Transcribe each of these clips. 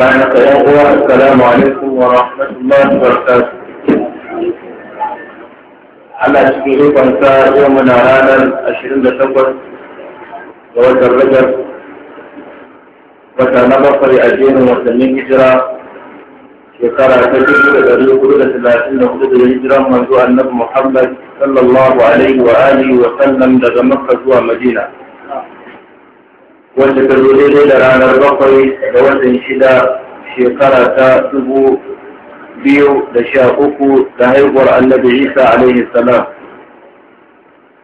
بعد قيامه السلام عليكم ورحمة الله وبركاته على شكله فانسى يومنا هذا العشرين دسمبر زواج الرجل وتنبى في أجين ومسلمين هجرة وقال أتجد لذلك قلت سلاحين وقلت الهجرة منذ أنه محمد صلى الله عليه وآله وسلم لغمقة مدينة wanda ta zo daidai da ranar bakwai da watan shida shekara ta dubu biyu da sha uku da haihuwar annabi isa alaihi salam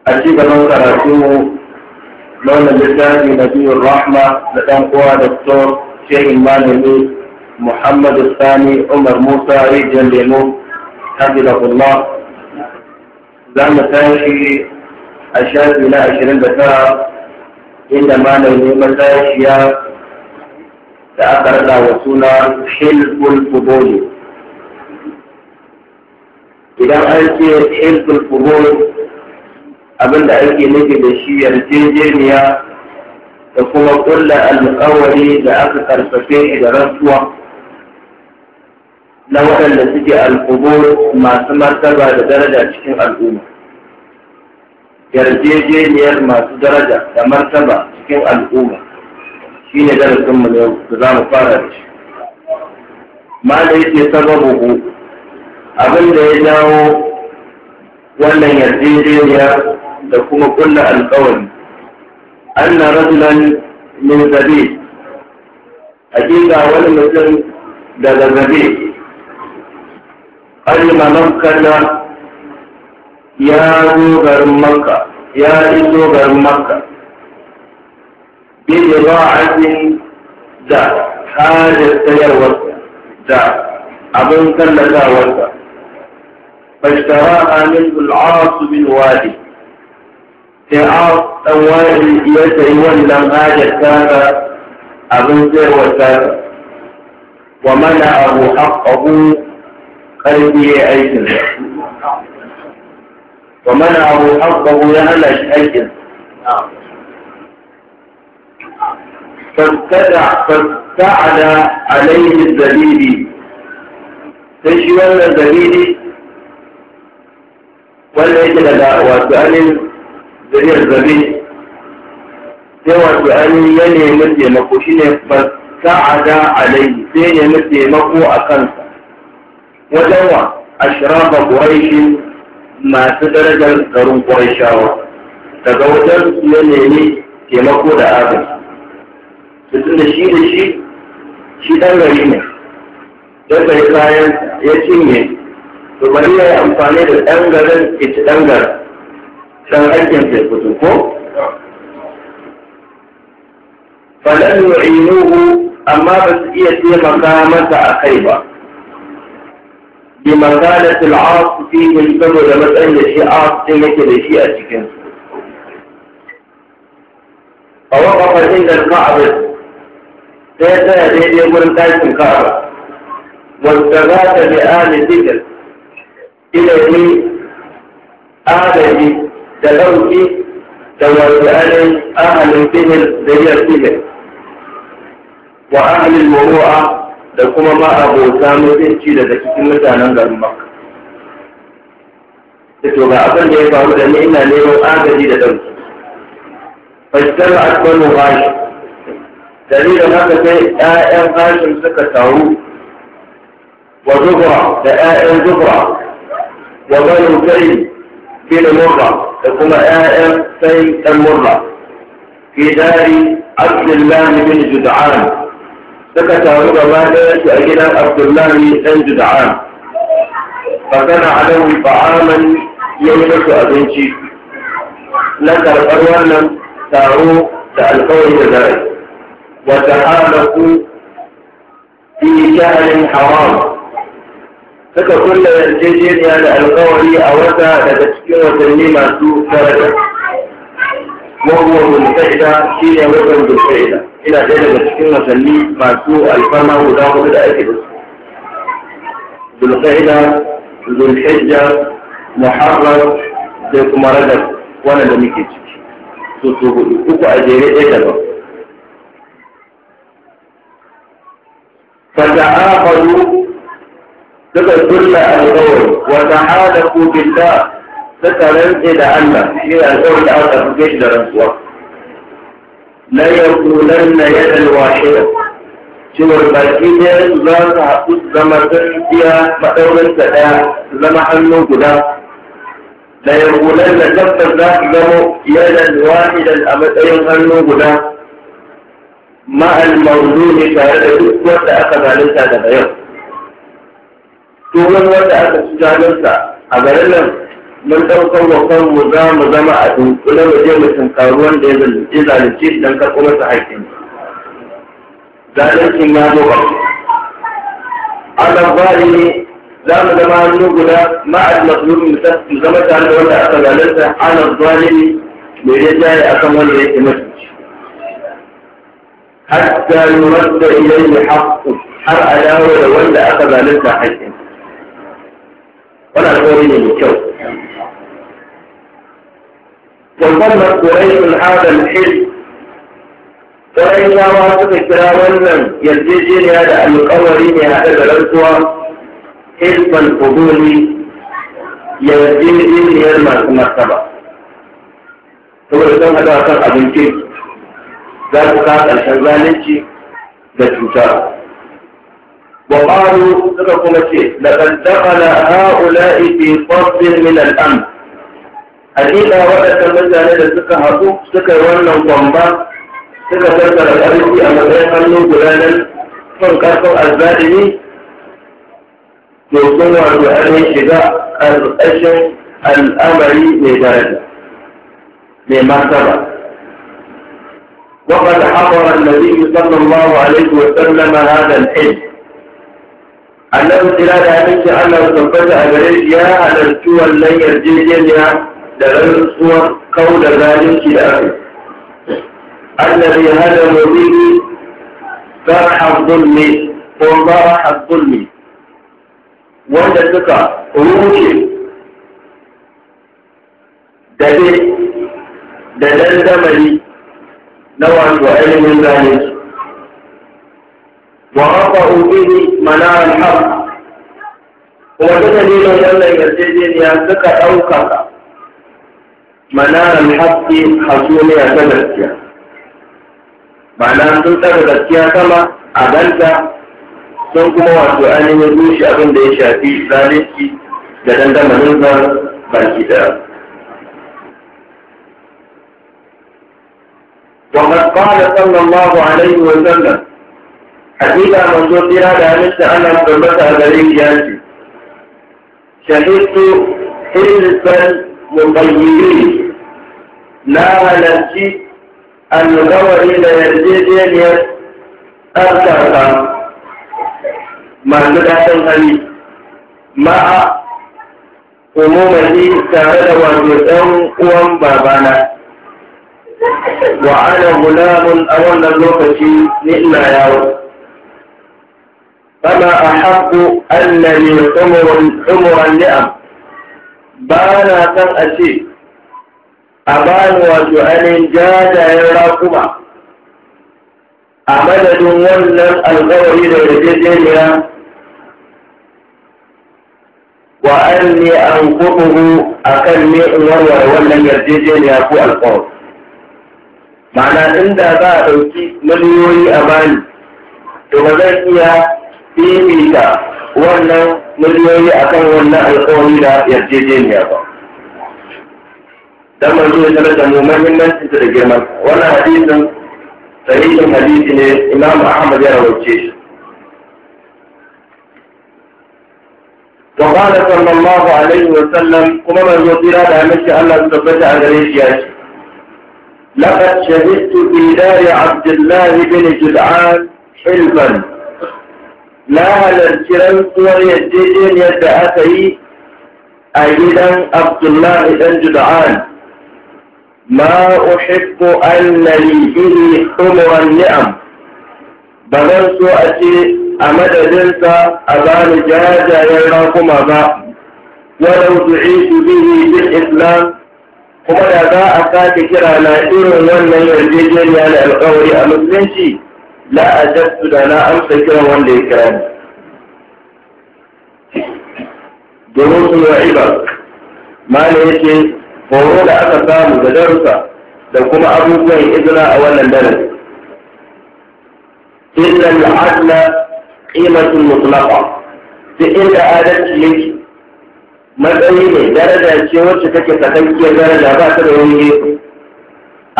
a ci gaban karatu na wannan littafi na biyun rahma da dan uwa doktor shehin malami muhammad sani umar musa rijiyar lemu hafizahullah za mu tashi a shafi na ashirin da tara inda malam neman lafiya da aka rada wa suna hilful fuboli idan an ce hilful fuboli abinda ake nufi da shi yarjejeniya da kuma kulla alƙawari da aka karfafe da rasuwa na waɗanda suke alƙubur masu martaba da daraja cikin al'umma yarjejeniyar masu daraja da martaba cikin al'umma shi ne darasinmu na da za mu fara da shi ma da yake sababu abin da ya dawo wannan yarjejeniya da kuma kulla alkawari na rajulan min zabe hakika wani mutum daga zabe an yi mamakar ya zo garin makka ya iso garin makka bai ba ajin da hajar sayarwarsa da abin tallatawarsa fashtara amin al'asu bin wadi sai a ɗan ya sayi wannan hajar tara abin sayarwarsa wa mana abu haƙƙahu ƙarfi ya da. wa mana abu haƙƙahu ya hana shi aikin fasta'ada alaihi dalili sai shi wannan dalili wanda yake daga wato ainihin zuriyar zabi sai wato ainihin ya nemi taimako shi ne fasta'ada sai nemi taimako a kansa wajen wa ashiraba quraishin masu darajar garin kwarishawa daga wajen ya nemi taimako da su tun da shi da shi shi ɗan gari ne don gari bayan ya cinye to bari ya yi amfani da ɗan garin ita ci ɗan garin ɗan aikin sai fito ko falan yu'inuhu amma ba su iya taimaka masa a kai ba بمكانة العاص فيهم الفم matsayin da shi عاص din yake da shi فوقف عند الكعبة سيسا يديه من تاج الكعبة والثبات بآل ذكر إلى آل آله تلوكي تلوكي آل أهل الذكر ذي الذكر وأهل المروءة da kuma ma'abota mutunci daga cikin mutanen garin makka da to ga abin da ya faru da ni ina neman agaji da ɗauki fashtar asmanu hashi dalilin haka sai 'ya'yan hashin suka taru wa zubra da 'ya'yan zubra wa banu sai fi da murra da kuma 'ya'yan sai ɗan murra fi dari abdullahi bin jud'an suka taru gaba ɗaya shi a gidan abdullahi ɗan juda'an fakana alam ba'aman ya yi musu abinci na karɓar wannan taro da alkawari da zai wata halaku fi sha'anin haram suka kulle yarjejeniya da alƙawari a wata daga cikin watanni masu daraja وهو منتهدة شيء وزن بالفعل ina ɗaya daga cikin wasanni masu alfarma guda hudu da ake da su zulqa'ida zulhijja muharram da kuma radar wannan da muke ciki su su hudu uku a jere ɗaya daban fata'aqadu suka kulla alƙawari wa ta'adaku billah suka rantse da Allah shi alƙawari da aka fi shi da rantsuwa la yaqulanna yadan wahida cewar baki ɗaya za su haɗu zama tsintsiya ta ɗaya zama hannu guda da yankunan da tabbas za su zamo yadan wahidan a matsayin hannu guda ma'al maudu ne tare da duk wanda aka zalunta daga yau. Tuhon wanda aka ci zalunta a garin nan mun ɗaukar wa kanmu za mu zama a dunkule mu je mu tunkari wanda ya zalunci zalunci don karɓo masa haƙƙin zalincin ya zo ba Allah ne, za mu zama hannu guda ma'ad maslumi mu zama tare da wanda aka zalunta Allah ne mai ya jaye akan wanda ya yake mutu hatta yuradda ilayhi haqqu har a dawo da wanda aka zalunta haƙƙin wannan alƙawari ne mai kyau وظلت قريش هذا الحلم قريشاwa suka kira wannan yarjejeniya da alƙawari ne haɗe da rantsuwa hisban fuduli yarjejeniyar masu martaba saboda sun haɗa kan abinci. za su ka ƙarshen zalunci da cuta وقالوا سبق مشي لقد دخل هؤلاء في فصل من الأمن hakika waɗanda mutane da suka haɗu suka yi wannan kwamba suka tattara ƙarfi a matsayin hannu guda na son ƙarfin azzalimi to sun wato ainihin shiga ƙarƙashin al'amari mai daraja mai martaba وقد حضر النبي صلى الله عليه وسلم هذا الحج أنه kira da aminci Allah tabbata a gare shi ya halarci wannan yarjejeniya da rantsuwar kawo da zalunci da aka الذي ne, ko فرح a وفرح ne. wanda suka ruce ne da dandamali na wato ainihin zane wa haka ubini mana alhaq kuma duka neman wannan yarjejeniya suka ɗaukaka manarar haske hasumiya ta gaskiya ma'ana sun tsara gaskiya sama a ganta sun kuma wato ainihin rushe abin da ya shafi zalunci da dandamanin zan baki daya وقد قال صلى الله عليه وسلم حديث عن منصور تيرا دامت أنا قربت أبريك ياتي شهدت حرزا muƙayyiri na halarci alƙawari da yarjejeniyar tsarkaka masu daɗin hali ma'a umumani tare da wato ɗan uwan babana wa ana gulamun a wannan lokaci ni ina yawo فما أحب أن لي عمر النعم ba na san a ce a bani wato ainihin jajayen raƙuma a madadin wannan alkawari da yarjejeniya wa an ne an kuɗuhu a kan ne in warware wannan yarjejeniya ko alkawari ma'ana inda za a ɗauki miliyoyi a bani to ba zan iya fifita wannan مليوني أكن لا يرجعين يا بابا دم الله تعالى دم من من تدري جمال ولا حديث صحيح حديث إن أحمد يرى وجهه وقال صلى الله عليه وسلم كما من يطير هذا مشي الله تبتع عليه ياشي لقد شهدت في دار عبد الله بن جدعان حلفا na halarci rantsuwar yarjejeniyar da aka yi a gidan abdullahi dan juda'an ma uhibbu annani bihi khumran ni'am ba zan so a ce a madadinsa a bani jajayen rakuma ba walau du'itu bihi bil islam kuma da za a sake kira na irin wannan yarjejeniya da alƙawari a musulunci la ajabtu da na amsa kiran wanda ya kira ni yi wa ibar mana yace horo da aka samu da darussa da kuma abubuwan izina a wannan darasi illa al'adla qimatun mutlaqa ta inda adalci yake matsayi ne daraja ce wacce take sakakkiyar daraja ba ta da wani gefe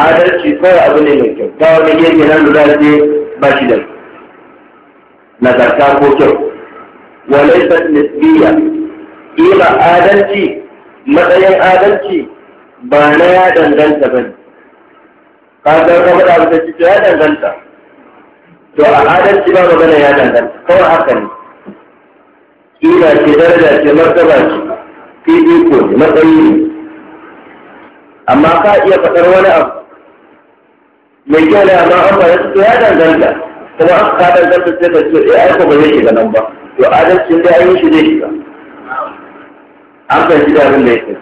adalci kawai abu ne mai kyau ba wani gefe na lura ce ba shi da nagarta ko kyau walaisat nisbiya ila adalci matsayin adalci ba na ya danganta ba ne ka ga ka faɗa ba ce ya danganta to a adalci ba magana ya danganta kawai haka ne ila ce daraja ce martaba ce iko ne matsayi ne amma ka iya faɗar wani abu mai kyau ne amma an bayan su ya danganta kuma an ka danganta sai ka ce eh ai ko ba zai shiga nan ba to adalcin da ayi shi zai shiga an ka shiga abin da yake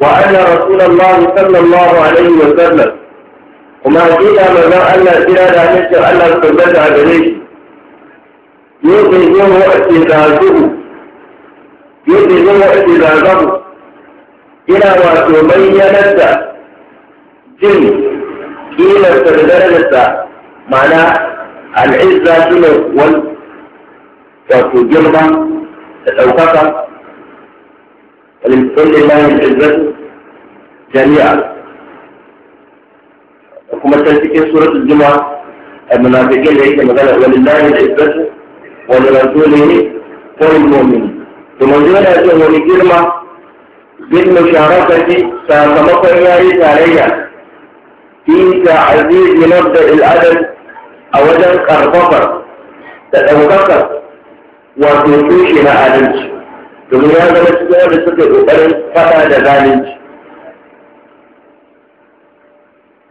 wa anna rasulullah sallallahu alaihi wa sallam kuma hakika mai Allah kira da hakika Allah ya kalla da gare shi yau ne yau wa ake zazuru yau ne yau wa ake zazabu ina wato bayyanar da jin kilar ta da darajarsa ma'ana al'izza su ne wani wato girma da ɗaukaka alimtsallin yin izzar jami'a da kuma can cikin suratul juma a munafikin da yake magana wani lahi da izzar wani rantu ne ne ko yin momini to manzo yana cewa wani girma bin musharakati sakamakon yayi tarayya fi ta'azizi mabda al'adam a wajen karfafar da ɗaukakar wato tushe na adalci domin ya zama cikin suka ƙoƙarin faɗa da zalunci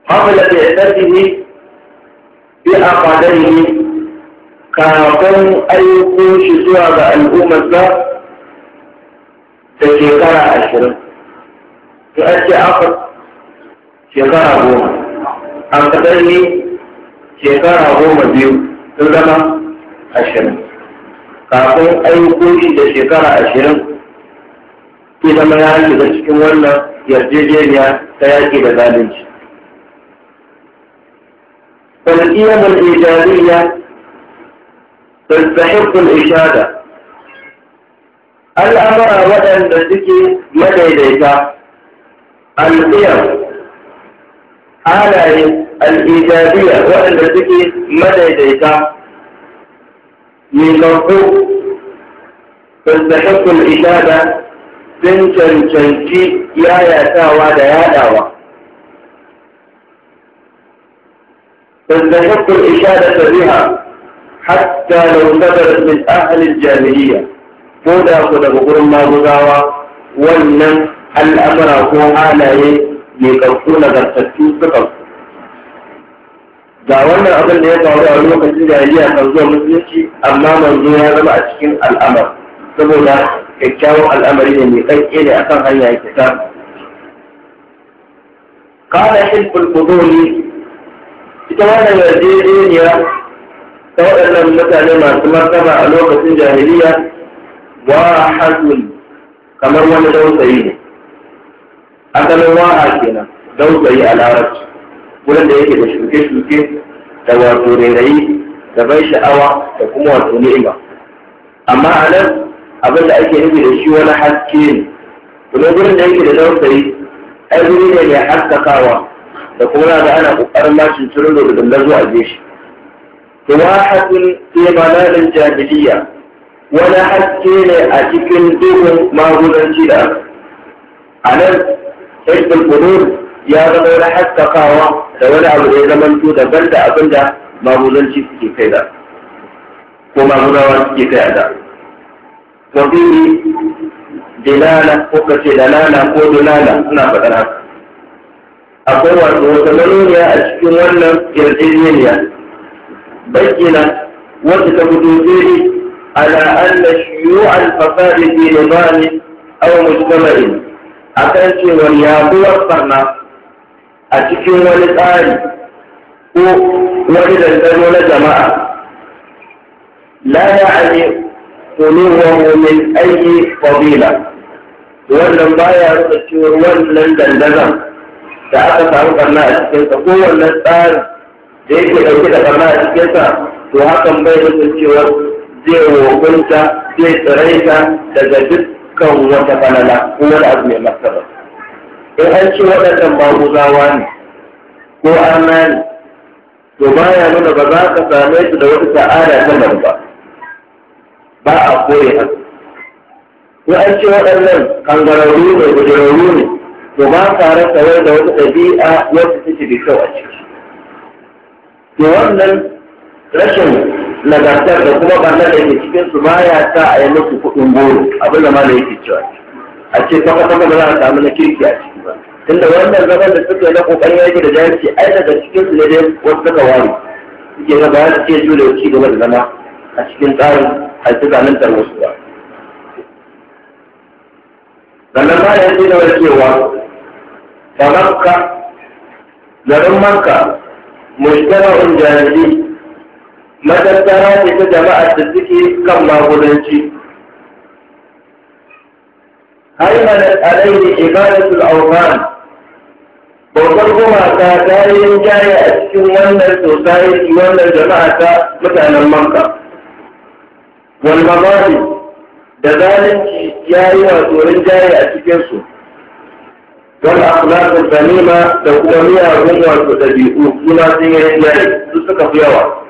hamla da yasarfihi bi aqadarihi kafin aiko shi zuwa ga al'ummarsa da shekara ashirin to an ce shekara goma an kaɗar ne shekara goma biyu sun zama ashirin kafin ayyukoki da shekara ashirin ke zama ya shiga cikin wannan yarjejeniya ta yaƙi da zalunci فالقيم الإيجابية تستحق الإشادة الأمر ودن تسكي مديديك القيم halaye al’ijabiya waɗanda suke madaidaita mimako fasdakakul ijada sun cancanci yayatawa da yaɗawa fasdakakul ishada ta riha hatta da wadatar min ahalin jami'iyya ko da ku daga gurin maguzawa wannan al'amura ko halaye mai karko nagartattu sukan ga wannan abin da ya faru a lokacin jahiliya kan zuwa musulunci amma manzo ya zama a cikin al'amar saboda kyakkyawan al'amari ne mai kai ne akan hanya ya fita kana hilful fuduli ita wannan yarjejeniya ta waɗannan mutane masu martaba a lokacin jahiliya wa hazun kamar wani dausayi ne asalin waha kenan dausayi a larabci wurin da yake da shuke-shuke da wato rairayi da ban sha'awa da kuma wato ni'ima amma a nan abin da ake nufi da shi wani haske ne kuma wurin da yake da dausayi ai wuri ne mai haskakawa da kuma na ana kokarin bashin turin da gudun zuwa je shi tuwahatun fi malalin jahiliya wani haske ne a cikin duhun magudanci da a nan hizbul qulub ya zama wani haskakawa da wani abu da ya zamanto daban da abin da mamulanci suke kai da ko mamulawa suke kai da wa fihi dilala ko kace dalala ko dalala suna faɗar haka akwai wato wata maloniya a cikin wannan yarjejeniya bayyana wata ta fito fili ala anna shuyu'al fasadi fi nizamin aw mujtama'in a kan cewar yaduwar barna a cikin wani tsari ko wani dandano na jama'a la tuni wa wani aiki qabila wannan baya rufe cewar wannan dandazan da aka samu barna a cikinsa ko wannan tsari da yake dauke da barna a cikinsa to hakan bai rufe cewar zai wakunta zai tsiraita daga duk kan wata banana ko wani abu mai martaba in an ce waɗannan maguzawa ne ko an ne to baya nuna ba za ka same su da wata sa'ada ta nan ba ba a koye haka in an ce waɗannan kangararru ne gujerarru ne to ba ka rasa wai da wata ɗabi'a wata take da kyau a ciki to wannan rashin nagartar da kuma ba da ke cikin su ba ya sa a yi musu kuɗin goro abin da ma da yake cewa a ce kwakwa kwakwa ba za a samu na kirki a ciki ba tunda wannan zaman da suka yi na kokarin yaki da jahilci ai daga cikin su ne dai wasu suka ware suke ga ba su jure ci gaba da zama a cikin tsarin alfizanintar wasu ba sannan ba da yake da cewa ba makka garin makka mushtara'un jahilci madaddara ne ta jama'ar da suke kan magudanci haimanar alaihi ibadatul auman bautar gumaka ta yi jaya a cikin wannan society wannan jama'a ta mutanen manka wal da zalunci ya yi wato jari a cikinsu don a kula da kuma miyagun wato dabi'u suna sun yi rinjaye su suka fi yawa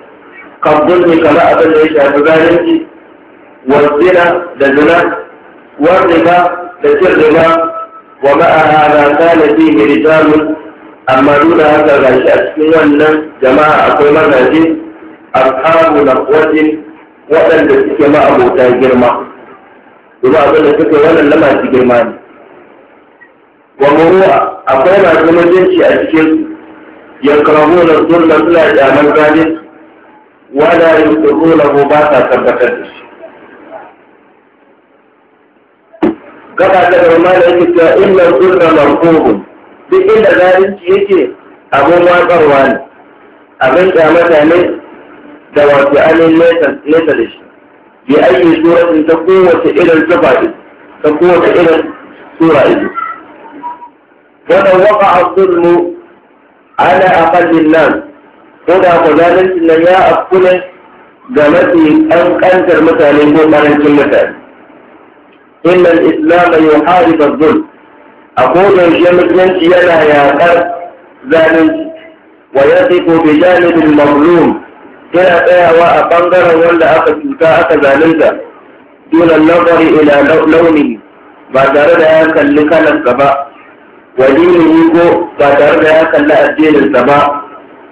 kabbun ne kamar abin da ya shafi zalunci wanzina da zina ba da cin zina wa ma'ana na kane fi miritamu amma nuna haka ga shi a cikin wannan jama'a akwai mazaje ashabu na kwajin waɗanda suke ma abota girma kuma abin da suke wannan na masu girma ne wa muruwa akwai masu mutunci a cikin yankarabu na zurna suna da amal gani wala yuqirunahu ba ta tabbatar da shi gaba ta da mala yake cewa inna urra marhubun duk inda zalunci yake abin watsarwa ne abin kyamata ne da wato anin nesa da shi bi ayi suratin ta kowace irin zuba ta kowace irin sura ido wannan waka a zulmu ana a aqallin nan ko da ku zalunci nan ya afku ne ga mafi ƙanƙantar mutane ko ƙarancin mutane inna al-islam yuharib adh-dhulm a kodayaushe musulunci yana yaƙar zalunci wa yasifu bi janib al-mazlum yana tsayawa a ɓangaren wanda aka cuta aka zalunta dunan nazari ila launi ba tare da ya kalli kalansa ba wa dinihi ko ba tare da ya kalli addininsa ba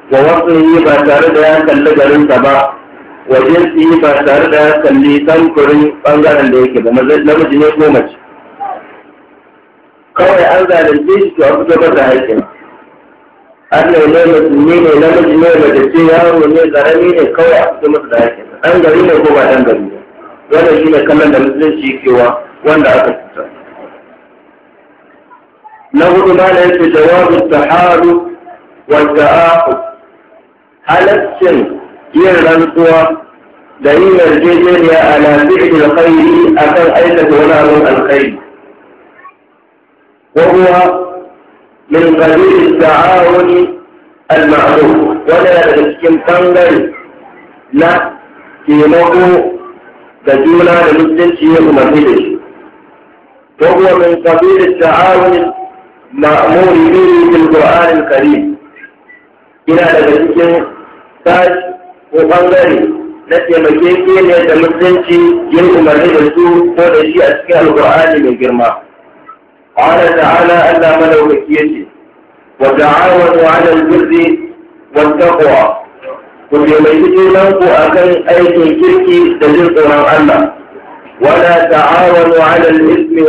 wa wasu ba tare da ya kalli garinsa ba wa jinsi ba tare da ya kalli samfurin bangaren da yake ba namiji ne ko mace kawai an zalunce shi to a fito ba da haƙƙin Allah ne musulmi ne namiji ne da ce yaro ne zarami ne kawai a fito masa da haƙƙin ɗan gari ne ko ba ɗan gari ne wannan shi ne kallon da musulunci kewa wanda aka cuta na hudu ma na yake jawabin taharu wa ta'ahud halaccin yin rantsuwa da yin yarjejeniya a na nafi'in alkhairi a kan aikata wani abin alkhairi ko kuma min qabil ta'awuni al-ma'ruf wanda yana daga cikin bangare na taimako da juna da musulunci ya kuma fi da shi ko kuma min qabil ta'awuni ma'muri bihi bil Qur'an al-Karim ina daga cikin sashi ko bangare na taimake ke da musulunci yin umarni da su ko da shi a cikin alƙur'ani mai girma. Ala ta'ala Allah malaukaki ya ce, wa ta'awanu ala al-birri wa ku taimaki junan akan aikin kirki da jin Allah. Wala ta'awanu ala al-ismi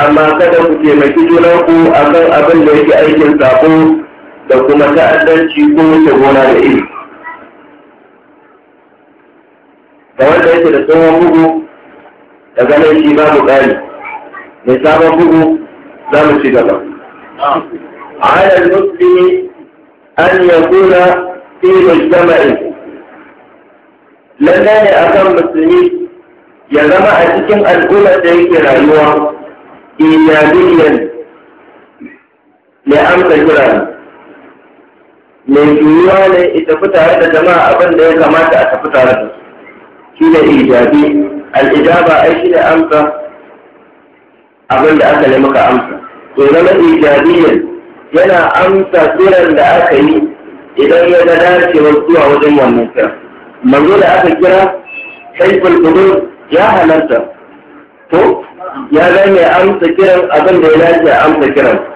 amma kada ku taimaki junan akan abin da yake aikin tsako da kuma ta'addanci ko wuce gona da iri da wanda yake da tsohon bugu daga nan shi babu ƙari mai sabon bugu za mu ci gaba yi المسلم ilo jama'i في ne a kan musulmi ya zama a cikin al'ummar da yake rayuwa ijabiyan ya amsa kira mai yiwuwa ne ya tafi tare da jama'a abin da ya kamata a tafi tare da shi ne ijabi al'ijaba ai shi ne amsa abin da aka nemi ka amsa to zama ne yana amsa kiran da aka yi idan ya ga dacewar zuwa wajen wannan kira manzo da aka kira haifar kudu ya halarta to ya zai mai amsa kiran abin da ya dace a amsa kiran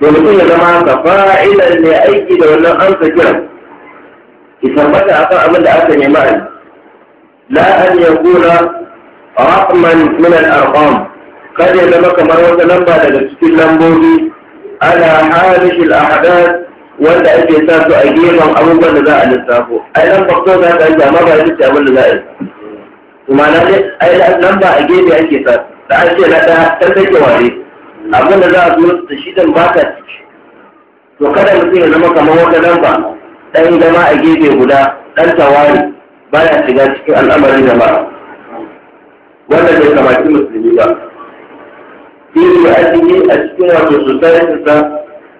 to mutum ya zama ka fa'ilan ne aiki da wannan amsa kiran ki tabbata akan abin da aka nema a la an yakuna raqman min al-arqam kada ya zama kamar wata lamba daga cikin lambobi ala halish al-ahdath wanda ake sa su a gefen abubuwan da za a lissafo ai lambar so za ta yi amma ba ita ce abin da za a yi kuma na ai lamba a gefe ake sa da ake na ta ta take ware abin da za a zo da shi dan baka ciki to kada mutum ya zama kamar wata lamba dan zama a gefe guda dan tawari baya shiga cikin al'amarin jama'a wanda bai kamaci musulmi ba fi ra'ayi a cikin wato society sa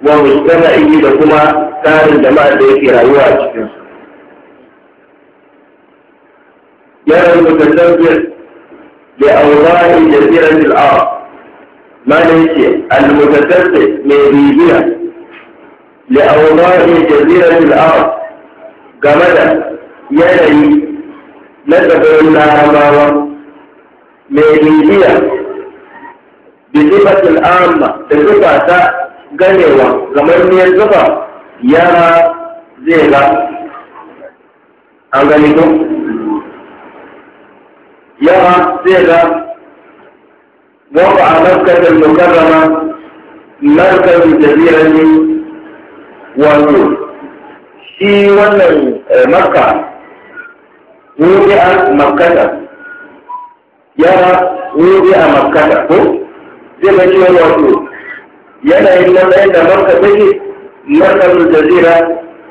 wa mujtama'i da kuma tsarin jama'a da yake rayuwa a cikin su ya rabu da tafiyar a aurahi da tsirar al'arab ما ليش المتدفق لبيبيا لأوضاع جزيرة الأرض قمدا يلي نتبه النارما لبيبيا بصفة الأرض بصفة تا قنوة قمد من الزفا يرى زيلا أغنيكم يرى زيلا وضع مكة المكرمة مركز جزيرة ونور shi wannan makka wuri a makkata yana wuri a makkata ko zai ga cewa wato yanayin matsayin da makka take markazin jazira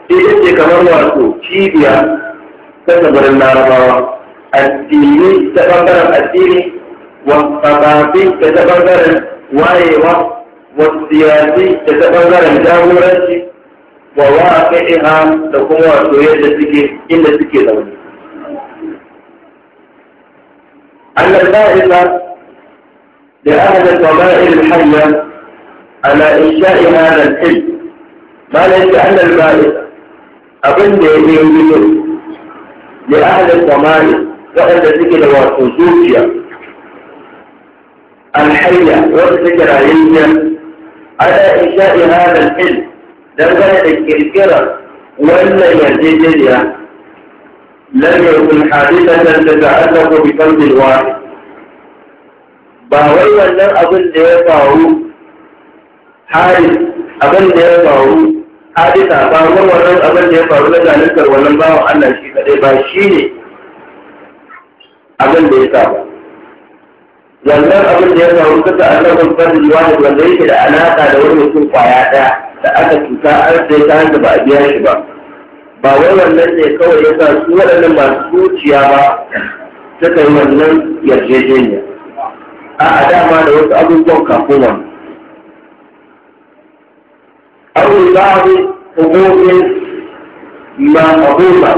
ita kamar wato cibiya ta tsibirin larabawa addini ta bangaren addini والثباتي تتبذر وقت والسياسي تتبذر جاورتي وواقعها لكم وعطوية تسكي إلا تسكي دولي أن الباحث لأهل الضمائر الحية على إنشاء هذا الحلم ما ليس أن الباحث أظن بأنه لأهل الضمائر وأن تسكي دولي alhayya wanda take rayayya ala isha'i hada al dangane da kirkirar wannan yarjejeniya lam yakun hadithatan tata'allaqu bi fardin wahid ba wai wannan abin da ya faru hari abin da ya faru hadisa ba wai abin da ya faru na zaluntar wannan bawan Allah shi kadai ba shine abin da ya sa wannan abin da ya faru kasa annabin farin da wanda yake da alaka da wani mutum kwaya ɗaya da aka cuta an sai ta hanta ba a biya shi ba ba wai wannan ne kawai ya sa su waɗannan masu zuciya ba ta kai wannan yarjejeniya a a dama da wasu abubuwan kafuwa wani abu za a bi hukumin ma hukuma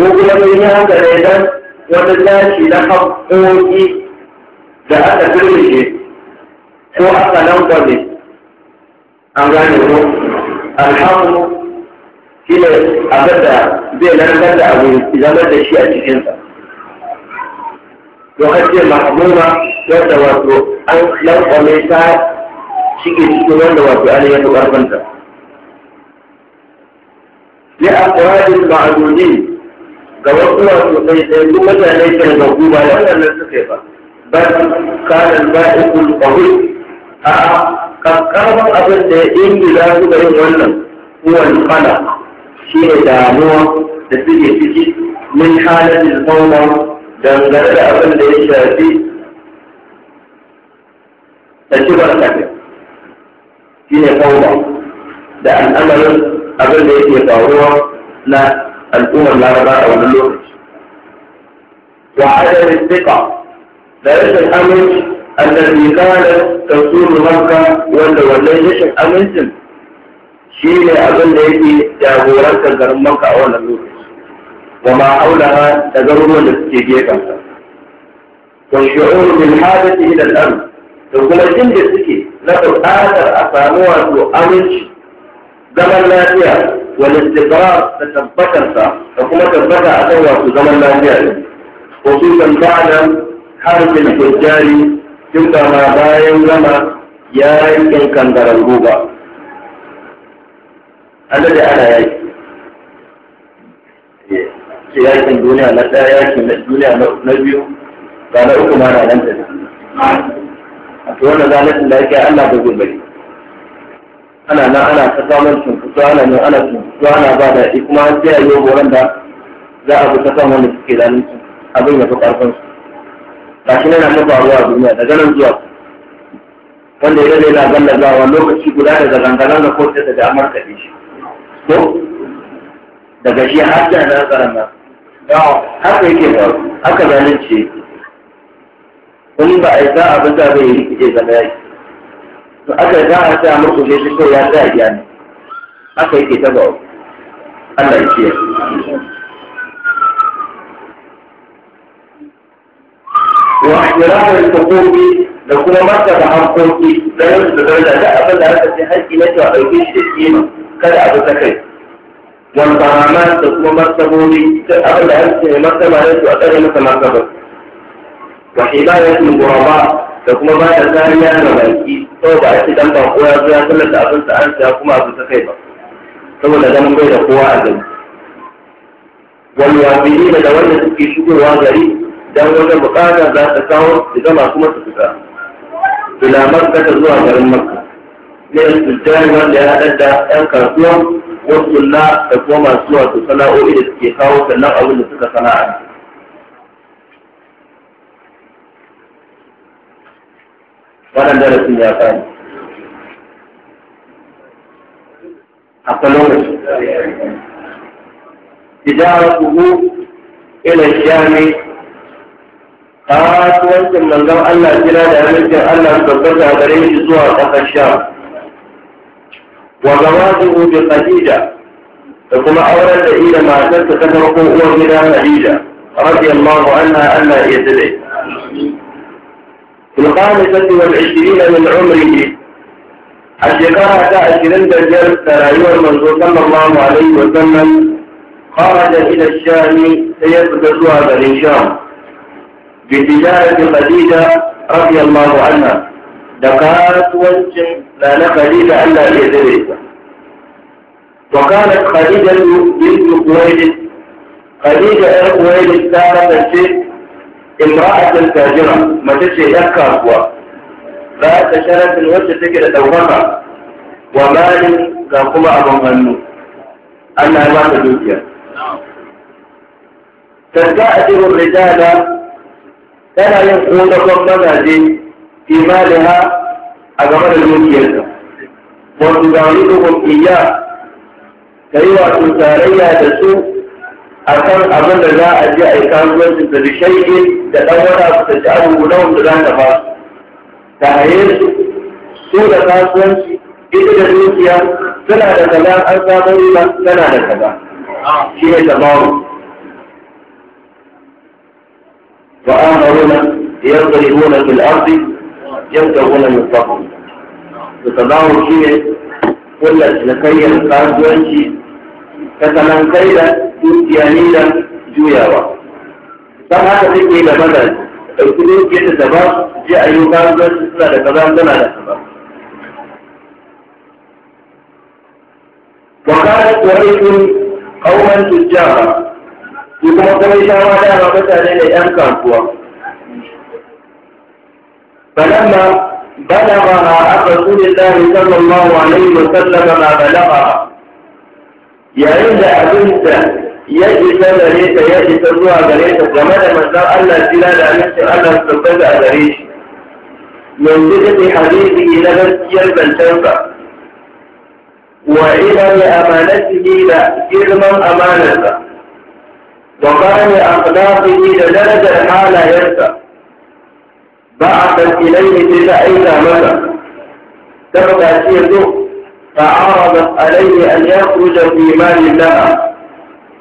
ko kuma mun yi haka ne dan wani tashi na haƙoƙi da aka turmishe ko aka lankwabe an gane ko alhamu shi ne abin da zai lantar da abu zamar da shi a cikinsa to hajjiyar mahamuma wanda wato an mai ta shige cikin wanda wato an yi ƙarfanta ya akwajin ma'adudin ga wasu wato sai sai duk mutane kan da ba da waɗannan suka yi ba بل baikul البائس a kakkarfan abin da ya za su da yin wannan kuwan kala shi ne damuwa da suke ciki min halin zauna dangane da abin da ya shafi da shigar kafin shi ne kauna da al'amarin abin da yake faruwa na al'ummar laraba a wani lokaci wa adadin tsika da rashin aminci allazi ka tasuru makka wanda wannan rashin amincin shi ne abin da yake jagorantar garin makka a wannan lokaci wa ma haulaha da garuruwan da suke gefensa wa shu'ur bil hadathi ila al da kuma jin da suke na buƙatar a samu wato aminci zaman lafiya والاستقرار تثبت da kuma tabbata a kan wato zaman lafiya ne خصوصا بعد harfin hujjari tun da ma bayan gama yakin kangararru ba Allah da ana yaki ce eh, yakin duniya na ɗaya yakin na duniya na biyu ba na uku ma na nan da a to wannan zalatin da yake Allah ba zai bari ana nan ana ta samun cunkutu ana nan ana cunkutu ana ba da kuma sai a yi horon da za a bi ta kan wanda suke zalunci abin ya fi ƙarfin su gashi yana ta faruwa a duniya daga nan zuwa wanda ya zai da lagawa lokaci guda da zagangalan da kotu da damar kaɗe shi ko daga shi har da na tsaron nan haka yake ba haka zalunci wani ba a yi za a bin da bai rikice zama yaki to aka za a sa musu ne su ko ya tsaya gya haka yake ta ba Allah ya ce wa ihtiramul da kuma martaba hankoki da yanzu da daraja da abin da aka ce haƙƙi na cewa ɗauke shi da kima kada abu ta kai wal baraman da kuma martabobi da abin da aka ce martaba da su a tsare masa martaba wa hidayatul ghuraba da kuma ba da kariya ga baki a ce dan ba ya an kuma ta kai ba saboda da a wanda suke shigowa gari dan wata bukata za ta kawo su gama kuma su fita ila kata zuwa garin makka ne tujjani wanda ya haɗar da yan kasuwa wasu na da kuma masu wasu sana'o'i da suke kawo sannan abin da suka sana'a wannan darasin ya a akwai lokaci tijaratuhu ila shami kasuwancin manzon Allah kira da halittar Allah tabbata gare shi zuwa ƙasar Wa Wa gawazuhu bi Khadija da kuma auren da ida matarsa ta farko uwar gida Khadija radiyallahu anha Allah ya tsare. Fil khamisati wal 20 min umrihi a shekara ta ashirin da biyar da rayuwar manzo sallallahu alaihi wa sallam kharaja ila shami sai ya fita zuwa garin sha. بتجارة خديجة رضي الله عنها دكات وانشم لأن خديجة ألا يدريك وكانت خديجة بنت خويلد خديجة خويلد كانت الشيء امرأة تاجرة ما تشي لك أقوى فأنت شرف الوجه تكره دوقة ومال كاقوم أبو غنو أنها ما تدوكيا نعم. تستأثر الرجال tana yin ƙorafin mazaje da ha a game da dukiyarsa wasu ga wani dukkan iya ta yi wato tarayya da su a kan abin da za a je a yi kasuwancin da bishayi da ɗan wani abu da ta abu guda wanda za ta ba su ta haye su su da kasuwanci ita da dukiya tana da kaza an samu ba tana da kaza shi ne tabaru فآمرنا يضربون في الأرض يمتغون من فهم وتضعوا شيء كل سنكي القرد وانشي كتنان كيلا يتيانيلا جويرا فهذا تكيب إلى مدد الكلون كيسة تباق جاء يقارد وانشي لا تضعوا دمع لا تباق وقالت وعيكم قوما تجارا su kuma kamishawa ma mutane ne ‘yan kasuwa. فلما بلغها عن رسول الله صلى الله عليه وسلم bala ma. yayin da abin da ya isa gare ta ya isa zuwa gare ta game da manzan Allah jira da amincin Allah su tabbata a gare shi yanzu da ke hadisi na gaskiyar zancensa wa ila ne amanatihi da girman amanarsa وقال a لدرجة الحالة ينسى بعثت إليه تلك أيضا متى تبقى سيرته فعرضت عليه أن يخرج في مال لها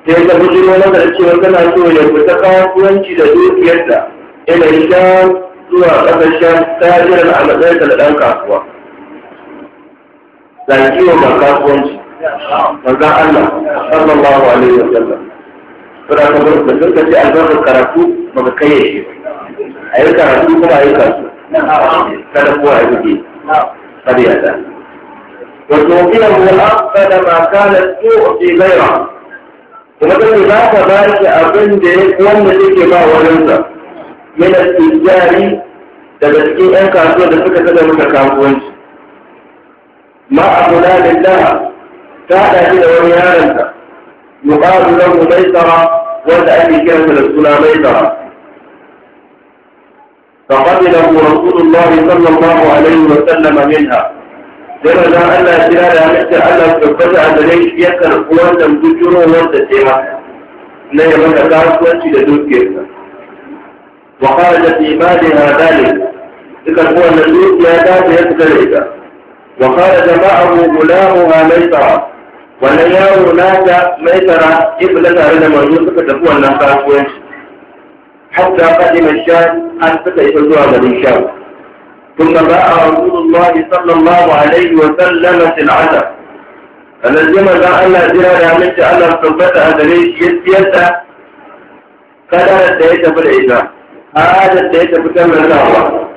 sai ta guji mana da cewa tana so ya fita kasuwanci da dukiyarta ina sha zuwa ƙasashen tajiran a matsayinta da ɗan kasuwa na kiwo ga kasuwanci manzan Allah sallallahu alaihi wa sallam suna ta gudu da sun kace albarkar karatu ba ka kai shi a yi karatu kuma a yi karatu kada kowa ya guje kada ya da وتوقيه da ما كانت تعطي غيرها kuma ta za ka ba shi abin da ya wanda take ba wajensa yana tijjari daga cikin 'yan kasuwa da suka taɓa maka kasuwanci ma abu na lillah ta haɗa shi da wani yaronta يقال له ميسرة ولا أي السنة ميسرة فقبله رسول الله صلى الله عليه وسلم منها درجة أن أسلال أمسك أن تبتع ذلك يكر قوانا تجره وتسيها لا يبقى لدود لدوك وقالت إيمانها ذلك إذا هو يا ذات يتغلق وقالت معه غلامها ميسرة wannan yaro nata mai tsara ibla tare da manzo suka tafi wannan kasuwanci hatta kadima sha an suka isa zuwa garin sha ثم باع رسول الله صلى الله عليه وسلم سلعته فلزم ذا الله جرى لامنت على الصوبة أدريش يسيسة قدرت ديتا في العيسى هذا ديتا في كم الله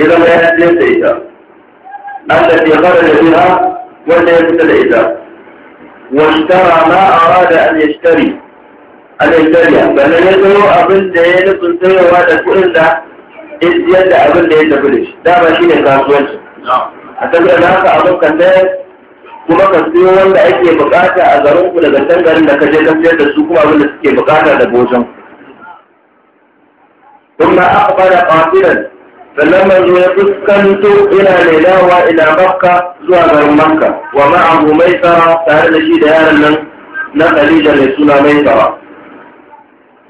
إذا ما يسيسة التي خرج بها ولا يسيسة العيسى واشترى ما أراد أن يشتري أن يشتري فلن يدعو أبن دين تنتهي وهذا كل ده إذ يدع أبن دين تبلش ده ما شيء أتبقى ka أبن كنتاز kuma ka siyo wanda ake bukata a garin ku daga can garin da ka je ka da su kuma abin da suke bukata daga wajen. Kuma aka bada فلما قلت إلى ليلى وإلى مكة زوال مكة ومعه ميسرة فهل شيء دائما من نقل جلسون ميسرة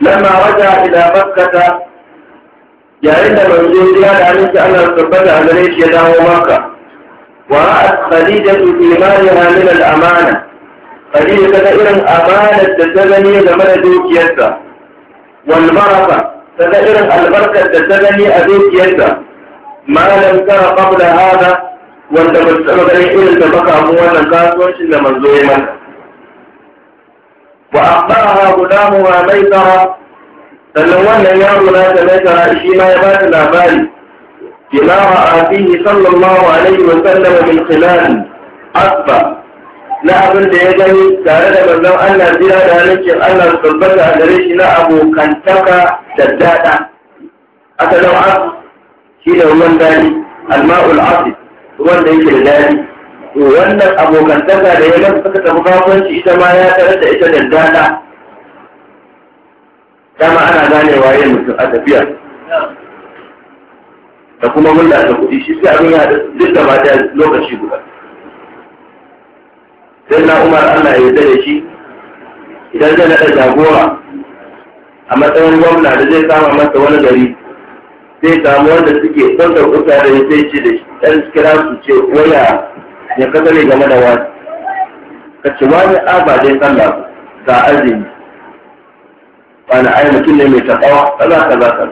لما رجع إلى مكة يا إلا من زوال ديال أن يسأل الكبتة أن ليس يداه مكة ورأت خديجة في مالها من الأمانة خديجة كثيرا أمانة تتبني لمن دوك يسا والمعرفة فدائرا البركة تتبني أبيك يده malam lam tara qabla hada wanda ba su irin da baka mu wannan kasuwanci da manzo ya mata wa akhbaraha gudamuha maisara sannan wannan yaro na ta maisara shi ma ya ba da labari bima ra'a fihi sallallahu alaihi wa sallam min khilal asba na abin da ya gani tare da manzon Allah jira da nake Allah tabbata a gare shi na abokantaka da dada asalin asba shi ne ruwan dadi alma'ul asid ruwan da yake da dadi to wannan abokantaka da ya ga suka tafi kafanci ita ma ya tare da ita da dada dama ana gane waye mutum a tafiya da kuma mun da kuɗi shi sai abin ya duk da ba da lokaci guda sai na umar allah ya yarda da shi idan zai naɗa jagora a matsayin gwamna da zai kama masa wani gari sai samu wanda suke ɗaukar kusa da ya sai ce da ɗan kira su ce waya ya kasa game da wani ka ce wani ga azumi wani mutum ne mai taɓawa kaza kaza kaza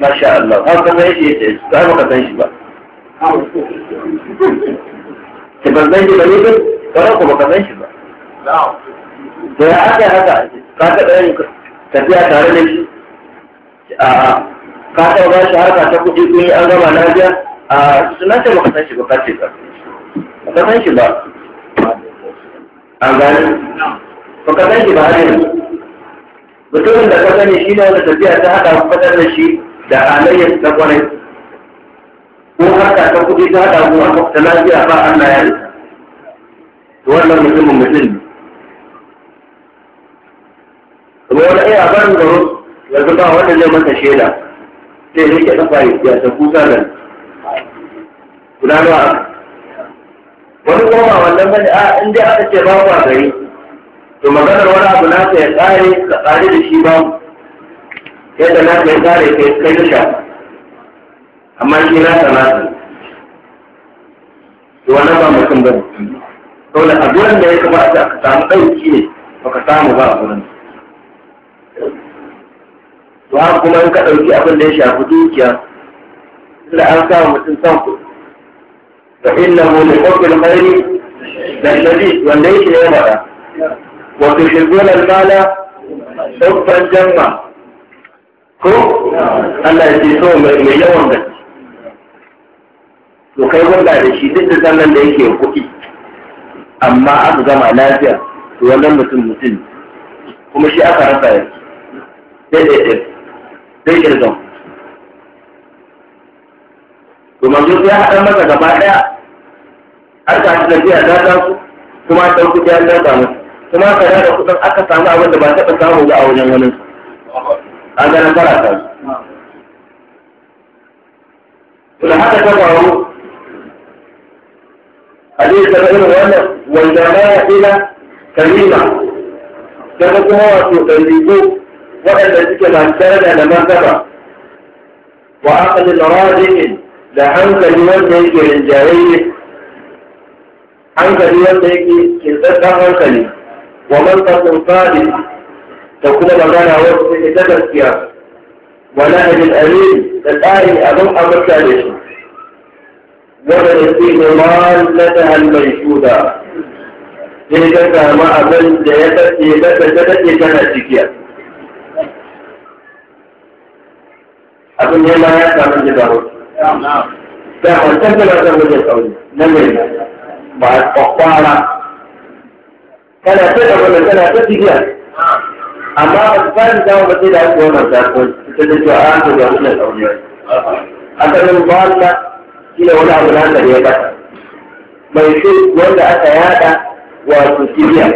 masha Allah ya ce ka san shi shi ba ne ba ka san shi ba ka ba shi harka ta kuɗi kun yi an gama na biya a suna ce baka san shi ba kace ba baka san shi ba an gani baka san shi ba ne mutumin da ka sani shi ne wanda tafiya ta haɗa ku fitar da shi da halayyar na kwarai ko harka ta kuɗi ta haɗa ku harka ta lafiya ba na ya rika wannan mutumin mutum ne kuma wani iya barin da wasu yanzu ba wanda zai mata shaida sai rike kafa ya ta kusa da kuna ba wani kuma ba wannan bane a in dai aka ce babu a gari to maganar wani abu na ya tsare ka tsare da shi ba yadda na ya tsare kai kai da sha amma shi na ta na ta to wannan ba mutum bane dole a gurin da ya kamata ka samu ɗauki ne baka samu ba a gurin to haka kuma in ka ɗauki abin da ya shafi dukiya da an sa mutum son kuɗi fa mu li hubbil khairi da shadid wanda yake ya mara wa tuhibbuna al-mala hubban jamma ko Allah ya ce so mai yawan da to kai wanda da shi duk da sannan da yake kuɗi amma aka gama lafiya to wannan mutum mutum kuma shi aka rasa yanzu daidai sai kirgan to manzo ya haɗa masa gaba ɗaya har ka haɗa biya ta ta su kuma ta kuɗi an ta samu kuma ka da kuɗin aka samu abin da ba ta samu ba a wajen wani a ganin fara ta su da haka ta faru hadisi ta irin wannan wanda ma ya ila kalima ta kuma wato ɗaiɗaiɗo waɗanda suke mantar da na martaba wa aqlin radihin da hankali wanda yake rinjaye hankali wanda yake kintsatsan hankali wa mantakun sadi da kuma magana wasu suke ta gaskiya wa nahajin amin da tsari abin amurka da shi wanda da su ne mallata halmai shuda sai ka kama abin da ya tafi ta tafi tana cikiya abin da ya ya samu da dawo da wancan da zai wajen sauri na mai ba kwakwara kana ta da wannan kana ta tijiya amma a su fara dawo ba sai da aka wannan zakon ita da cewa an ta da wannan sauri asalin bala shi ne wani abu na da ya bata mai shi wanda aka yada wato tijiya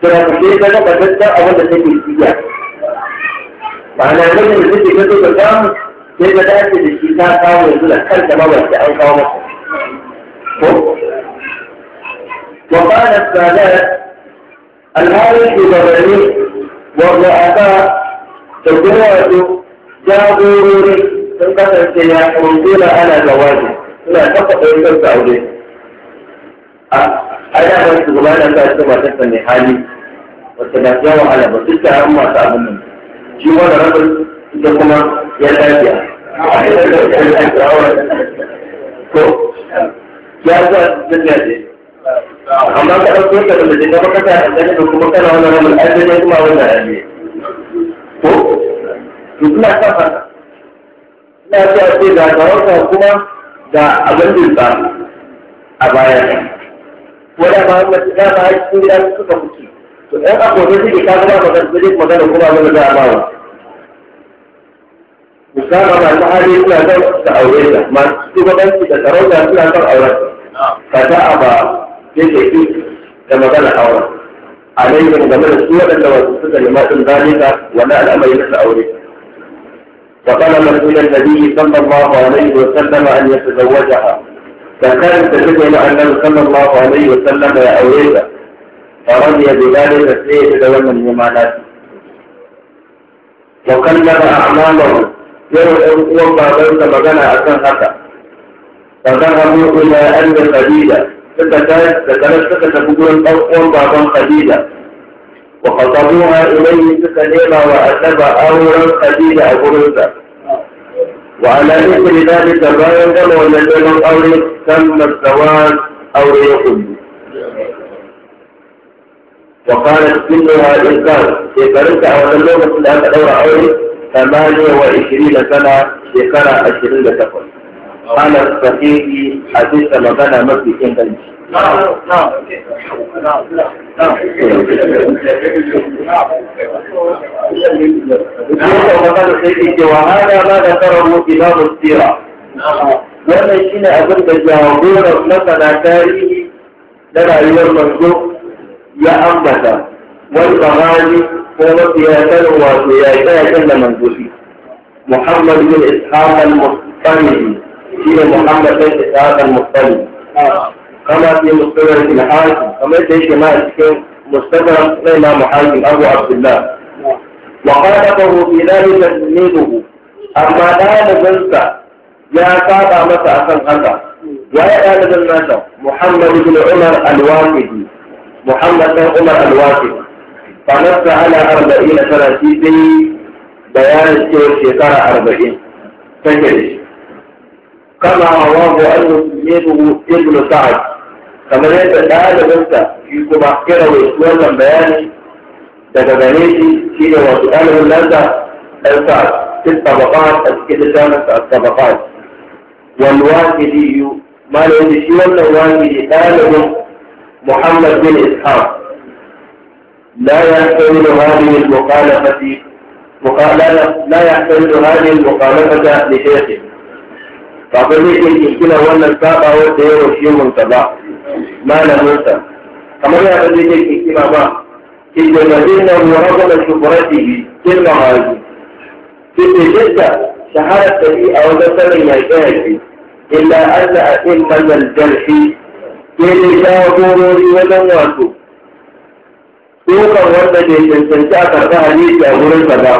to da kuma sai ka ga abin da take tijiya ma'ana nan da suke gato da samu sai ka dace da shi ta kawo yanzu da kanta ma ba sai an kawo masa ko da وقال السادات الحارث da والرؤساء تجربة جابوري sun kasance ya da ana wani suna kafa ɗaukar saurin a ayyana su gaba da ta ce ta mai hali wacce ba yawa ala ba su ta amma ta abin nan shi wani rabin ita kuma ya lafiya to ya sa yaje amma ka ɗauko ka da mutum ka makasa a ɗan da kuma kana wani zai kuma to to sa ina a ce ga tawarsa kuma da abin a baya ko cikin suka to ɗan abuwa suke ka gaba magana su ne magana kuma abin da za a bawa musamman masu hali suna son su aure ta masu shugabanci da sarauta suna son auren ka za a ba yake fi da magana auren alaihim game da su waɗanda wasu suka nema ɗin zalika wani al'amari na aure فقال رسول النبي صلى الله عليه وسلم أن يتزوجها فكانت تجد إلى أن صلى الله عليه وسلم يا أوليها ورضي بذلك فيه تدوم الجمالات وكلف أعمامه يرغب بعض بغنى أكثر حتى فذهبوا إلى أن خديدة فتتلت فتت بقول أقوم بعض خديدة وخطبوها إليه فتنيما وأتبع أورا خديدة أبرزة وعلى مثل ذلك ما يظل ولا يظل تم الزواج أو يقتم وقالت سنها إنسان شكرت أو اللغة الآن دور أولي ثمانية وعشرين سنة شكرا عشرين تقل قال الصحيح حديث ما كان مكي إنجلش نعم نعم نعم نعم نعم نعم نعم نعم نعم نعم نعم نعم نعم نعم نعم نعم نعم wannan shine abin da jagoran masana tarihi na rayuwar manzo ya ambata wal qawali ko mafiyatar wato ya yi kayakan da manzofi muhammad bin ishaq al-mustani shi ne muhammad bin ishaq al-mustani kama fi mustadrak al-hakim kamar da yake ma cikin mustadrak na imam hakim abu abdullah wa qalabahu fi dhalika tilmiduhu amma ɗalibinsa ya saba masa akan haka ya yi ɗalibin nasa muhammad bin umar al-waqidi محمد بن عمر الواسط فنص على أربعين سنة في بيان السور شكرا أربعين تجري كما رواه أنه سميته ابن سعد كما ليس هذا بنت يكون أحكرا ويسوالا بيان تتبنيتي شيء وسؤاله لذا الفعل في الطبقات الكتابة الطبقات والواكدي ما لو يشيوان الواكدي آلهم محمد بن إسحاق لا يحتمل هذه المخالفة مخالفة لا يحتمل هذه المخالفة لشيخه zai iya kirkira wannan saba wanda ya roshe munta ba malaminsa kamar ya zai iya kirkira ba inda mazin na murabba da shukurati kirma hazu cikin shidda shaharar tafi a wajen sanin yaƙe-yaƙe illa an da a in manyan jarfi sai dai jagorori wajen wato dukan wanda bai cancanci a karɓar hadisi a wurin kaza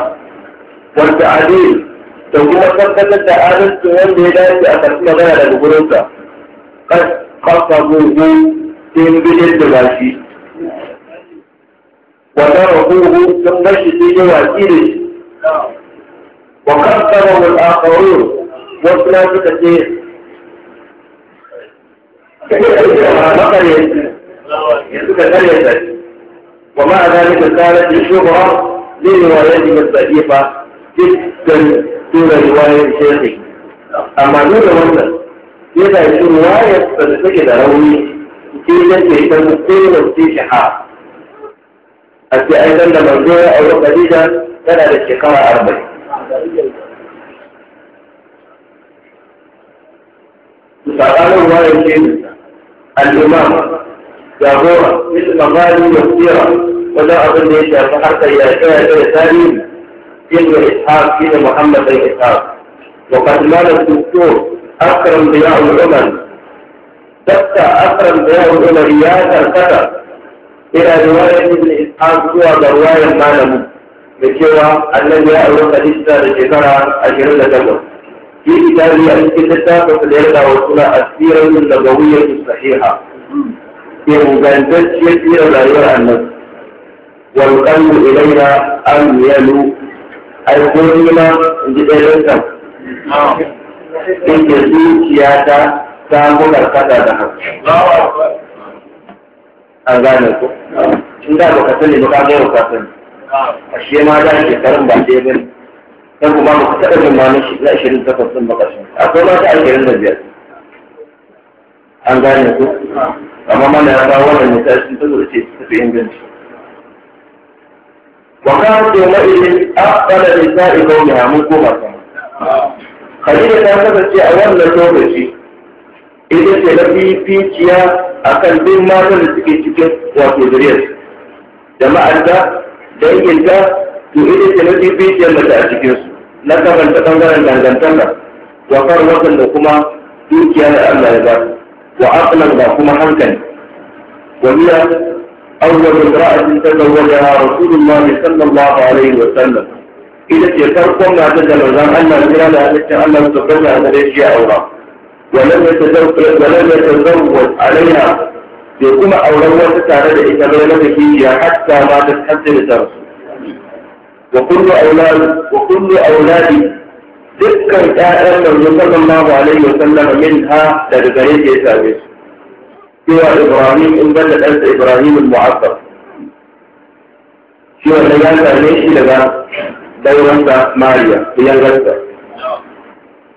wanda adil da kuma tabbatar da adalcin wanda ya dace a karɓi magana daga gurinsa kasa gogo sun bidin da ba shi wanda rahuhu sun bar shi sun yi watsi da shi wa kan tsara wal akharu wasu na suka ce ومع ذلك الثالث الشبهة لروايته الضعيفة جدا دون رواية شيخي أما دون وزن إذا يكون رواية فلسك دروي نتيجة يتم كل نتيجة حال أيضا لما جاء أو قديدة كان الاتقاء أربعين مساعدة رواية شيخه al'imam jagora bil mafani da tsira wajen abin da ya shafi harkar yaƙe-yaƙe da tsari yin da ishaq shi da muhammad bin ishaq wa kasmalar doktor akram da yawon umar dakta akram da yawon umar ya karkata ila riwayar ibn ishaq zuwa ga riwayar malamu da cewa annabi ya aure kadista da shekara ashirin da takwas في إيطاليا الكتاب فتلقى وصولة السيرة النبوية الصحيحة ingantacce fiye rayuwar annabi wal qalbu ilayna an yalu ai ko ni ma in ji dai kan in ji zuciya ta ta mura kada da haka an gane ko in da baka sani ba ka ga ka sani ashe ma da shekarun ba dai bane dan kuma mu taɓa jin ma na ashirin takwas ɗin bakashin akwai ta ashirin da biyar an gane ku amma mana ya kawo wannan ne ta tazo da ce su tafi inganci wa kana ce ma irin aqbala nisa'i qawmiha ko koma sama Khadija ta kasance a wannan lokaci ita ce na fificiya a kan duk matan da suke cikin wato zuriyar jama'ar da danginta to ita ce na fificiyar mace a cikinsu na karanta bangaren dangantaka wa farwatan da kuma dukiya da Allah ya ba wa aqlan da kuma hankali wa biya awwal imra'atin tazawwajaha rasulullah sallallahu alaihi wa sallam ita ce farkon matar da manzon Allah jira da halittar Allah su tabbata a gare shi a aura wa lam yatazawwaj alaiha bai kuma auren wata tare da ita bai mata kishiya hatta ma ta hatta da ta وكل أولاد وكل أولادي ذكر آئم صلى الله عليه وسلم منها لرجالية يساويس سوى إبراهيم إن بدأت أنت إبراهيم المعصر سوى الرجال ليش لغا دورة ماريا هي الغزة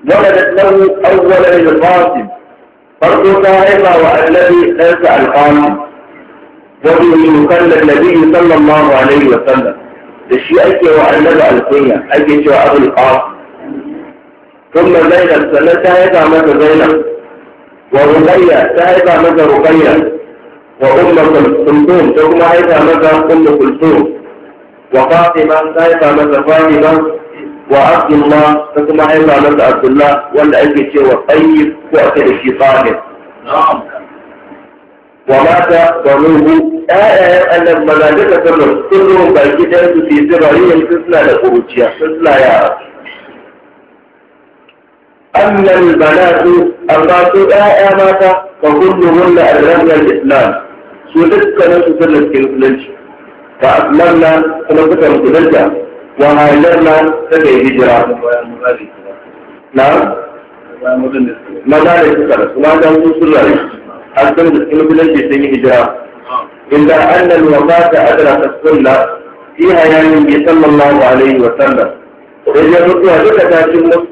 ولدت له أولا القاسم فرق صاحبة والذي أنسى القاسم وبه المكلف النبي صلى الله عليه وسلم لشيء أجي وعندما ألقينا أجي جاء بالقاف ثم بين السنة تهدى مدى بينا ورقية تهدى مدى رقية وأم كلثوم تقوم هيدا مدى أم كلثوم وفاطمة تهدى مدى فاطمة وعبد الله تقوم هيدا مدى عبد الله ولا أجي أي وطيب الشيطان طيب، نعم ومات ضميره آية أن الملائكة تمر كلهم بالكتاب في سرعهم تسلى لخروجها تسلى يا أما البنات أربعة آية مات فكلهن أدركن الإسلام سلسك نفس سلسك نفسك فأسلمنا سلسك نفسك وهاجرنا سكي هجرة نعم مدارس سلسك ماذا نفسك المدلج في هجرة إلا أن الوفاة أدرت السنة فيها يعني النبي صلى الله عليه وسلم وإذا نطلع ذلك تاشمه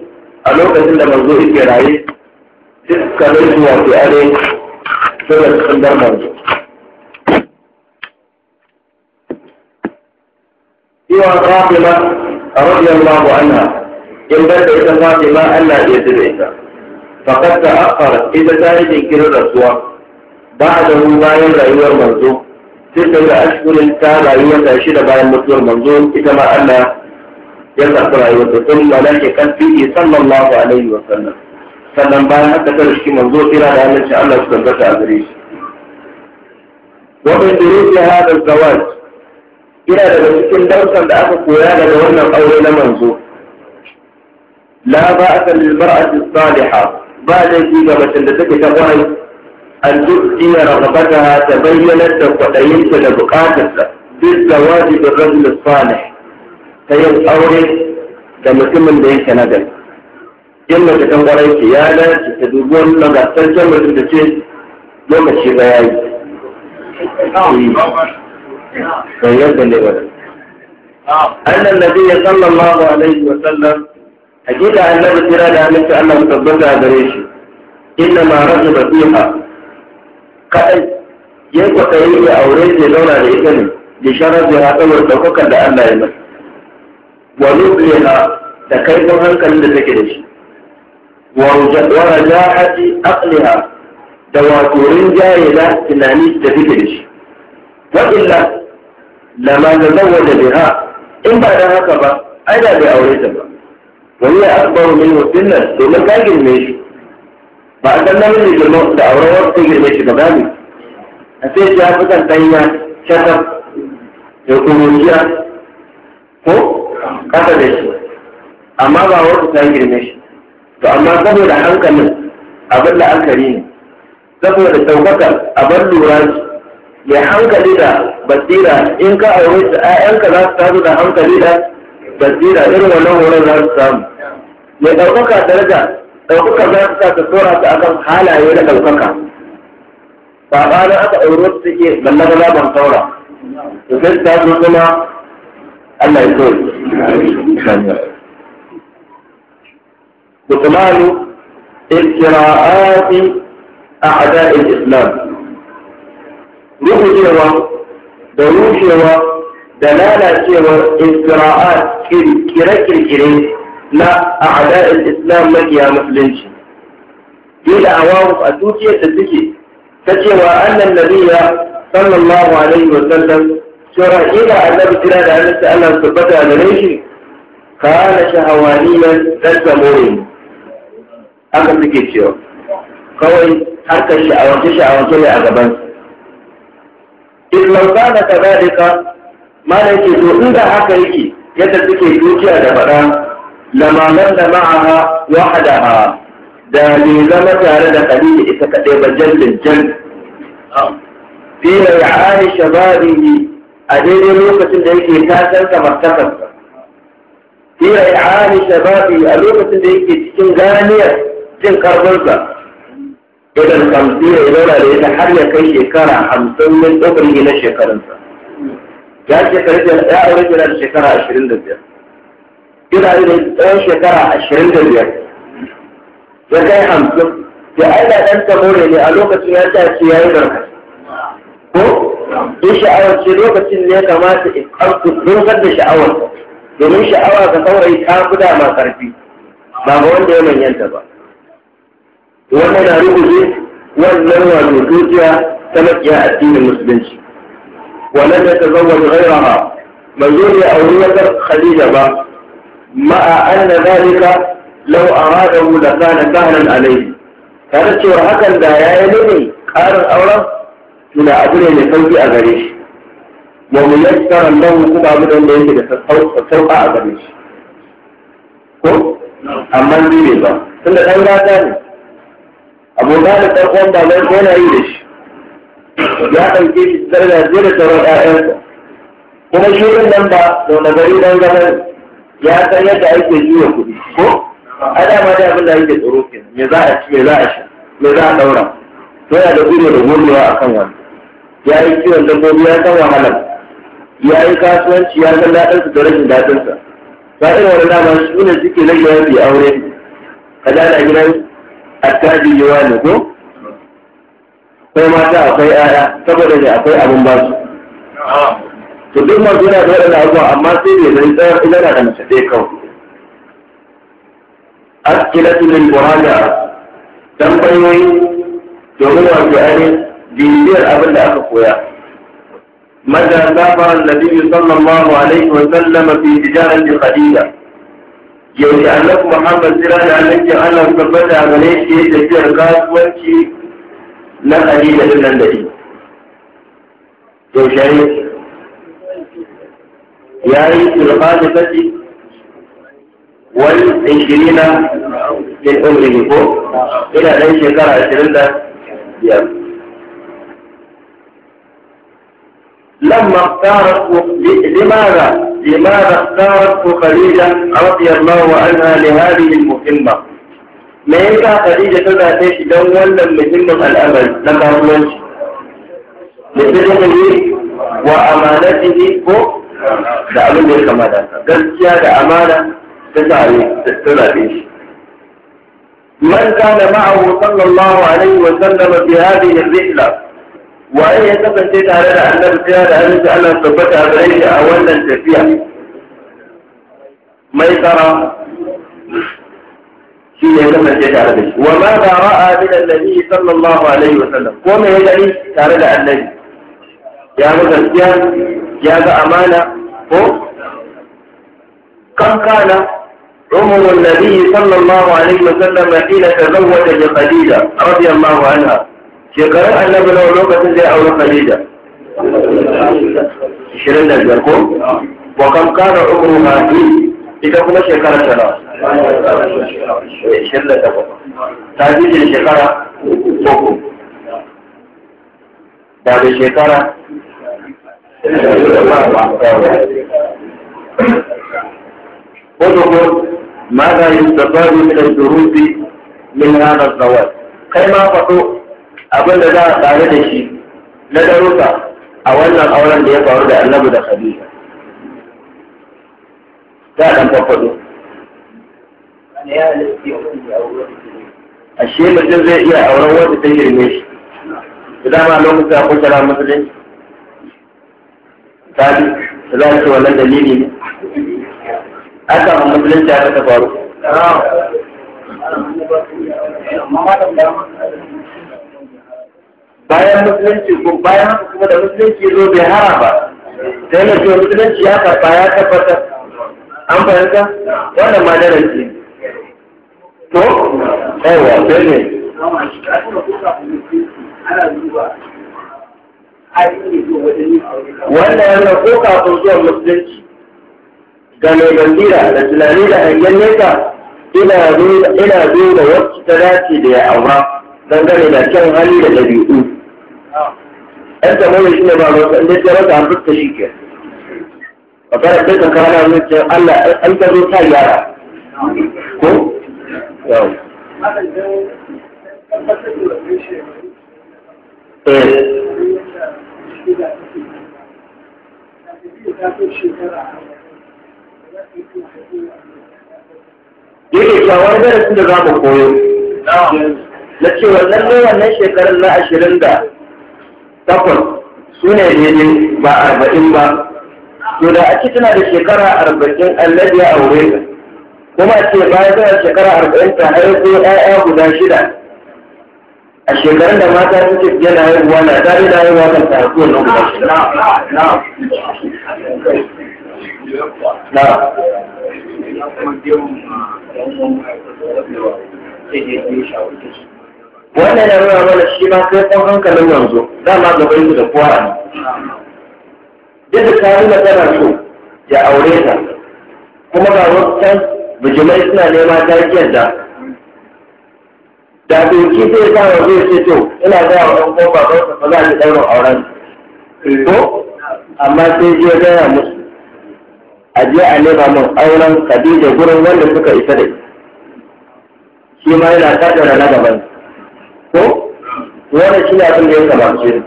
ألوك سنة منظور كرائي تسكى نجوة في أدي سنة خندر منظور سوى فاطمة رضي الله عنها إن بدأت فاطمة أن لا يجب إيسا فقد تأخرت إذا تاريخ كرر الرسول بعده باين رأيوه المنظوم تلك إلى أشهر كان رأيوه تأشير بعد مطلوب المنظوم إذا ما أن يتأخذ رأيوه ثم لكن كان فيه صلى الله عليه وسلم سلم بعد حتى ترشك منظوم إلى أن شاء الله سبحانه وتعالى ومن دروس هذا الزواج إلى أن يكون درسا لأخذ قيادة لأن أولينا منظوم لا بأس للمرأة الصالحة بعد ذلك مثل ذلك تقول أن تبدي رغبتها تبينت وتأينت لبقاتك في الزواج بالرجل الصالح الأول أوري تمن بينك ندم يما تكن قرأي سيادة تدوبون لما جمع تدتين يوم الشبايا فيم اللي ولد أن النبي صلى الله عليه وسلم أجد أن النبي ترى لأنك أنه تبدأ بريشي إنما رجب فيها kaɗai ya yi yi ya aure ya zauna da ita ne ya shara zai haɗa ɗaukar ɗaukakar da Allah ya masa wa na da kaifin hankalin da take da shi wa rajahati aqliha da wato rinjaye na tunani da take da shi wa illa wanda tazawwaja biha in ba da haka ba ai da bai aure ta ba wani ya akbaru min wa sunna domin kagin mai shi ba a kallon namiji girman da auren wasu sai girme shi gaba ne a sai ya fi kan tanya shakar da kuma ko ƙasa da shi amma ba wasu ta girme shi to amma saboda hankalin abin da aka ne saboda a abin lura ya hankali da basira in ka aure su ƴaƴanka za su tazo da hankali da basira irin wannan wurin za su samu ya ɗaukaka daraja ɗaukaka za su sa ta su akan halaye na ɗaukaka saɓanin aka ɗauro su take balla ba ban saura Su sai su tafi kuma Allah ya so Dukumanu ikira'ati a ada'in Islam cewa da rushewa da lalacewar ikira'at kirkire-kirkire na a'da'il islam makiya musulunci fi da awawu a dukiyar da suke ta cewa annan nabiya sallallahu alaihi wa sallam cewa ila annabi jira da annabi Allah tabbata da shi kana shahawaniyan dan samoyin haka suke cewa kawai harkar sha'awace sha'awace ne a gaban ilman kana ka, ma da yake to inda haka yake yadda suke dukiya da faɗa lama manna ma'aha wahadaha da bai zama tare da khadija ita kaɗai ba jallin jal fi rayani shababihi a daidai lokacin da yake tasar samartakarsa fi rayani shababihi a lokacin da yake cikin ganiyar jin karfinsa idan kamsi ya zauna da ita har kai shekara hamsin min ɗaukar na shekarunsa ya shekaru ya aure da shekara ashirin da biyar kira da tsawon shekara ashirin da biyar ya kai hamsin ya aina ɗan tamore ne a lokacin ya tashi ya yi barka ko in sha'awar ce lokacin ne kamata in ƙarfi dunkar da sha'awar domin sha'awa ka saurayi ta fi dama ƙarfi ba ga wanda ya manyanta ba wannan na rubuce wannan wato dukiya ta makiya addinin musulunci wannan da ta zama da ba manzo ne a wuri wata khalida ba ma'a anna zalika law aradahu la kana sahlan alayhi tare cewa hakan da ya yi nufin ƙarin auren tuna abu ne mai sauƙi a gare shi wa muyassaran lahu kuma abu da yake da sauka a gare shi ko amma zai ne ba da ɗan gata ne abu da da ɗan ba mai kona yi da shi ya ɗauke shi zarga zai da sauran ƴaƴansa kuma shirin nan ba da wani gari ɗan gata ne ya san yadda ake juya kuɗi ko a dama da abin da yake tsoro ke za a ci me za a sha me za a ɗaura to ya da gudu da gogewa a kan wani ya yi kiwon dabbobi ya san wahalar ya yi kasuwanci ya san daɗinsa da rashin daɗinsa ba irin wani dama su ne suke rage yawan aure ka da gidan attajiri yawa ne ko akwai mata akwai 'ya'ya saboda ne akwai abin basu to duk masu yana da waɗanda abubuwa amma sai ne zai tsayar idan na da mace sai kawo askilatu min burada tambayoyi domin wato ai bibiyar abin da aka koya na madda saba annabi sallallahu alaihi wa sallam fi tijaran di qadida yayi annabi muhammad sirana annabi Allah tabbata gare shi yake tafiyar kasuwanci na qadida din nan da shi to shayyi يا في الخامسة والعشرين من عمره فوق إلى أن شكر عشرين يوم لما اختارت لماذا لماذا اختارت خديجة رضي الله عنها لهذه المهمة ما ينفع خديجة تبع تيش لما يتمم الأمل لما هو مثله وأمانته فوق da abin da ya gaskiya da amana ta sami shi. Man kana ma'ahu sallallahu alaihi wa sallama fi wa tare da annabi sai da annabi Allah da shi a wannan tafiya. Mai tsara? shi ne kafa tare da shi wa ma ra'a annabi sallallahu alaihi wa sallam ko me ya gani tare da annabi ya mu gaskiya Ya ga amana ko kankana dumunannanli sallwa ma'aikinsa da madina da zan wajen hadiza a mafiyan ma'aikuna? Shekarun annabin ne lokacin da ya auri hadiza? Ishirin da biyar ko, ko kankana uku mafi ita kuma shekarar shara? Ishirin da ta bama. da shekara. ودخل ماذا يستفاد من الدروس من هذا الزواج كما فقط abin da za a tsare da shi na darussa a wannan auren da ya faru da annabi da khadija za a ɗan farfaɗo ashe mutum zai iya auren wanda ta girme shi da dama a kusa sabi za a ce wannan dalili ne a samu musulunci aka ta faru bayan musulunci ko bayan kuma da musulunci zo bai hara ba sai na ce musulunci ya karɓa ya tabbata an fahimta wannan ma darasi to yawa sai ne wannan yana ko kafin zuwan musulunci ga mai gambira da tunani da hangen nesa ina duba wacce ta dace da ya aura dangane da kyan hali da dabi'u ɗan tamamin shi ne ba masu inda ta rasa an fuska shi ke a fara ta tsakana mai cewa Allah an ta zo ta yara ko? Eh. yake shawar darasin da za mu koyo na ce wannan ne wannan shekarar na ashirin da takwas su ne daidai ba arba'in ba to da ake tana da shekara arba'in allabi a aure kuma ce bayan tana shekara arba'in ta har 'ya'ya guda shida a shekarun da mata suke fiye da haihuwa na tare da haihuwa kan tarko na kuma na wannan na nuna mana shi ma kai kwan hankalin yanzu dama gaban su da kowa ne duk da ta nuna tana so ya aure ta kuma ga wasu can bijimai suna nema ta yadda da doki zai sa wa zai ce to ina gaya wa ɗan kuma ba ba za ni ɗaurin auren eh, ko amma sai je gaya musu a je a ba min auren da gurin wanda suka isa da shi ma yana kaddara na gaban ko wannan shi ne abin da ya kamace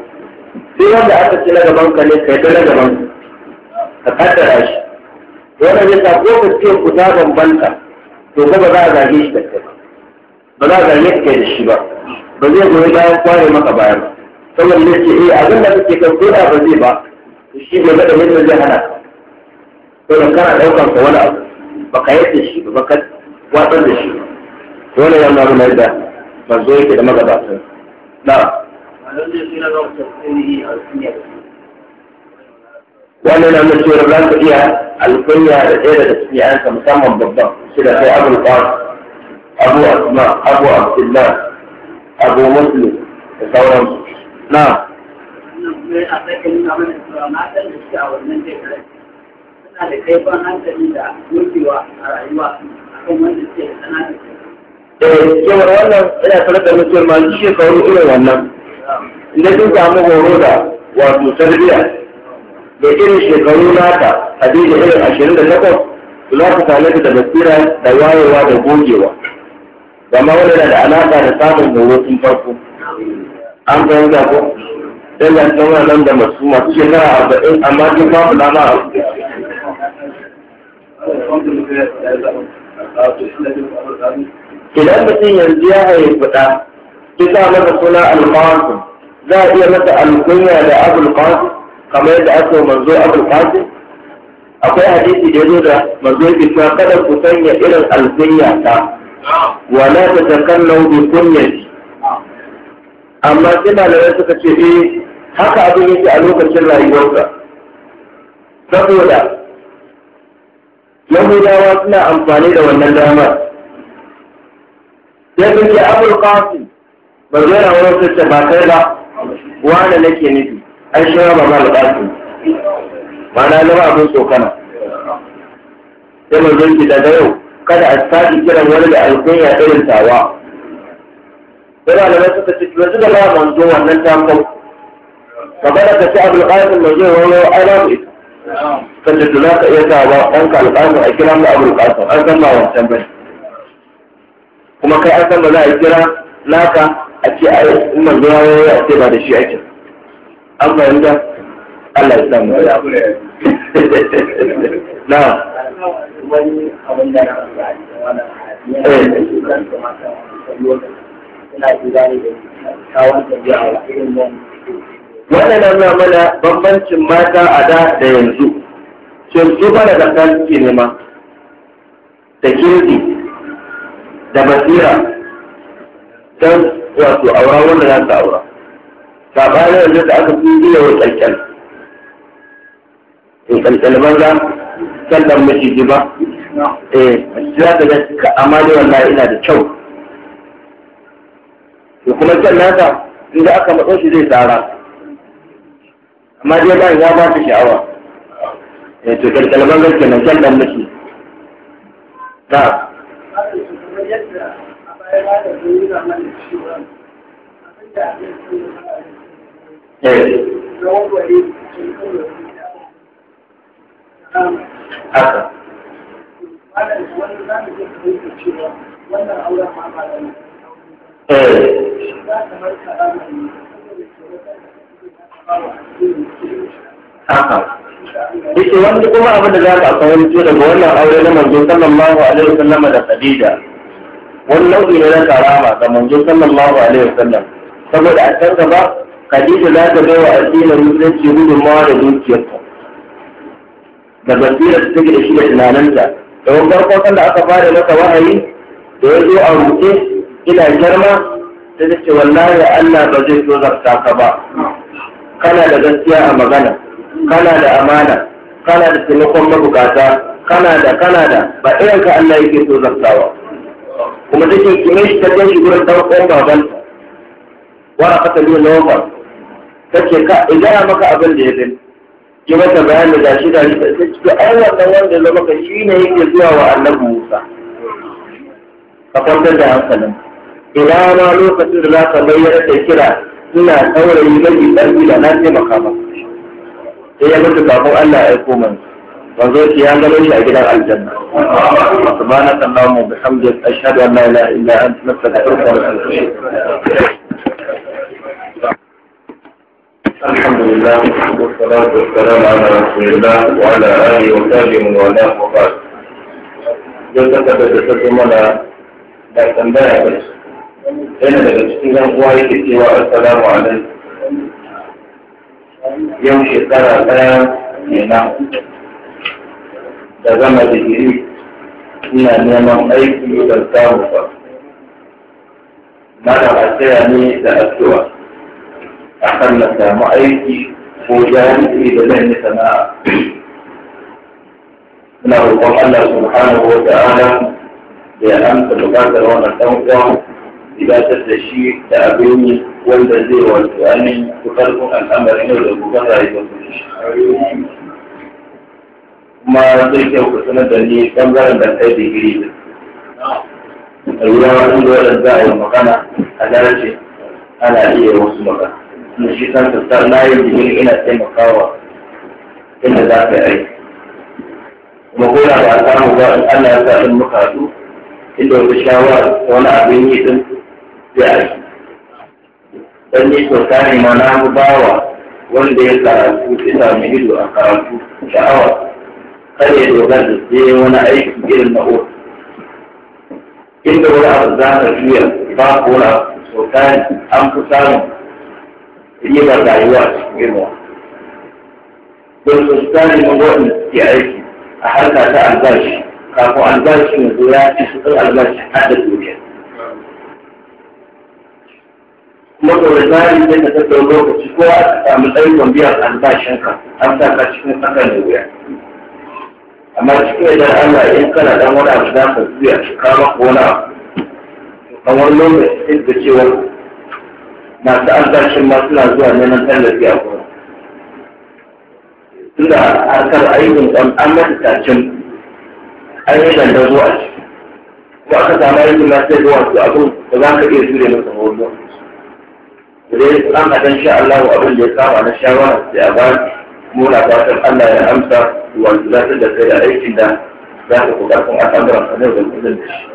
sai wanda aka ce na gaban ka ne kai na gaban ka kaddara shi wannan ya sa ko ka ce ku ta bambanta to ba za a zage shi da kai ba za a ka kai da shi ba ba zai goyi bayan kware maka bayan saboda ya ce eh abin da kake kan ko da ba zai ba shi ne da mutum zai hana to da kana daukan ka wani abu ba ka yadda shi ba ka watsar da shi dole ya na rumar da manzo yake da magabatan na wannan na mutuwar za ka iya alkunya da ɗaya daga cikin yanka musamman babban shi da sai abin kwaro abu asma abu abdullah abu muslim da sauransu eh, na da da a rayuwa akan da wannan yana da ma kawo irin wannan na da wato tarbiyya da irin shekaru nata a irin ashirin da takwas za ku same da basira da wayewa da gogewa gama wani da alaƙa da samun horo tun farko an fahimta ko dan da tsawo nan da masu masu shekara arba'in amma ba mu dama a idan mutum yanzu ya haifi ɗa ki sa masa suna alƙawasin za a iya masa alkunya da abul kamar yadda aka yi manzo abul akwai hadisi da ya zo da manzo ya cewa kada ku sanya irin alkunya ta wala ta takallau bi kunyati amma sai suka ce eh haka abin yake a lokacin rayuwarsa saboda yahudawa suna amfani da wannan damar sai sun yi abul qasim ba zai na wani sassa ba kai ba wanda nake nufi an shi ba ma alƙasim ma na abin tsokana sai mai zai daga yau kada a sake kiran wani da alkunya irin tawa sai malamai suka ce yanzu da ba manzo wannan ta kau ka bada ka ci mai zuwa wani ai alamu ita kan da tuna ka iya tawa an ka alƙasim a kira mu abulƙasim an san ba wancan ba. kuma kai an san ba za a kira naka a ce a yi manzo ya wani a ce ba da shi ake an fahimta Allah ya samu. Na. wani abin da na ga a cikin wannan hadisi da shi kan su mata suna jira ne da kawon tafiya a irin nan wannan nuna mana bambancin mata a da da yanzu shin su fara da kan suke nema da kirki da basira don wato aura wanda za su aura saɓanin yanzu da aka fi gina wa ƙalƙal in ƙalƙal banza sallar miji ba eh za ka ga amali wallahi ina da kyau to kuma na nasa inda aka matso shi zai tsara amma dai bayan ya ba ta sha'awa eh to kalkalban zai ban kyan sallar miji ta Eh. haka eh. haka yake wanda kuma abin da za ka fahimci daga wannan aure na manzo sallallahu alaihi wasallama da Khadija wani nau'i ne na karama ga manzo sallallahu alaihi wasallam saboda a can gaba Khadija za ta bai wa addinin musulunci gudunmawa da dukiyar da basirar da take da shi da tunaninta domin farko da aka fara masa wahayi da ya zo a rute ina girma ta ce wallahi Allah ba zai so zarta ka ba kana da gaskiya a magana kana da amana kana da taimakon mabukata kana da kana da ba irin ka Allah yake so zartawa kuma take kimai shi ta kai shi gurin ɗaukan baban wara fata ne lawa take ka idan maka abin da ya gani ki mata bayan da gashi da shi ta ce ai wannan wanda zama ka shi ne yake zuwa wa annabi Musa ka kwantar da hankalin ina ma lokacin da za ka bayyana da kira ina saurayi mafi ƙarfi da na taimaka maka sai ya mutu kafin Allah ya aiko manzo manzo shi ya gano shi a gidan aljanna subhanaka allahumma bihamdika ashhadu an la ilaha illa anta astaghfiruka wa atubu ilayk الحمد لله والصلاة والسلام على رسول الله وعلى آله وصحبه من والاه وقال جلسة الله خيرا لنا لكن لا يبلغ. أنا بقول إن هو يكتي والسلام عليه يمشي ترى لا ينام. دعما تجري إن ينام أي في الدار ما رأيتني لأسوأ. akan na samu aiki ko jami'i da zan yi sana'a muna roƙon Allah subhanahu wa ta'ala da ya amsa buƙatar wannan ɗan uwa gabatar da shi da abin yi wanda zai wato ainihin kukarfin al'amarin yau da gobe rayuwar su kuma zai kyau ku sanar da ni ɓangaren da kai digiri a wurin wani dole za a yi magana a darace ana iya wasu magana mu shi kan tattar yi jini ina taimakawa inda za ka yi aiki kuma ko da ba samu ba in Allah ya sa in muka haɗu inda wata shawara wani abin yi din zai aiki dan ni to kare ma na bawa wanda ya karatu ina mu ido a karatu sha'awa kada ya dogara da sai wani aiki irin na otu inda wani abu za ka juya ba ko na so an fi samun ribar rayuwa a cikin girma don su tsari mawaɗin ke aiki a harka ta albashi kafin albashi ya zo ya ci su albashi har da duniya kuma da zari zai ka tattara lokaci ko a samu ɗari biyan albashinka an sa ka cikin tsakar da wuya amma cikin idan Allah in kana dan wani abu za ka zuya ka kama ko na kamar lokaci da cewa masu albashin ba suna zuwa neman tallafi a gurin tunda harkar ayyukan ɗan an mata tacin an yi ganda zuwa ciki ko aka samu aikin na sai zuwa su abin da za ka iya jure masa hoto dai an haɗin sha Allah abin da ya kama na shawara sai a ba muna fatan Allah ya amsa wanda za ta da kai da aikin da za ka kuka kun al'amuran a ne da kullum da shi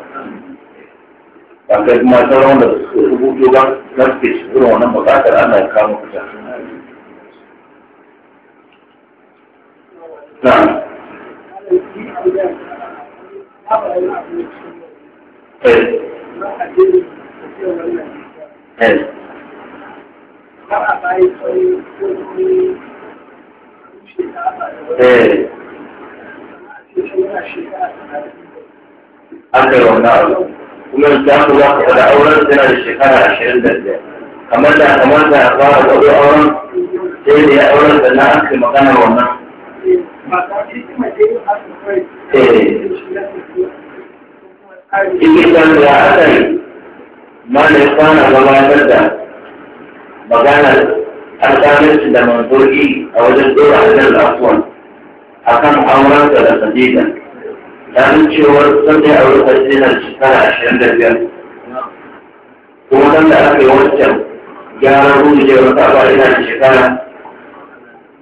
akwai kuma sauran da su rubuto ba na suke shigar wannan bukatar ana kama fita. Na. Eh. Eh. Eh. Aka yi wannan abu. kuma da ku za ku faɗa auren tana da shekara ashirin da biyar kamar da kamar da fara ɗaure auren sai da ya auren da na aka magana wannan. Cikin eh. kan da aka yi malai kwana gabatar da maganar alƙalanci da manzoki a wajen ɗora a jan afuwan akan auren da da sadidan. dan cewar sun dai aure ta dinar shekara ashirin da biyar kuma nan da aka yi wancan gyaran rujiyar wata ba ina da shekara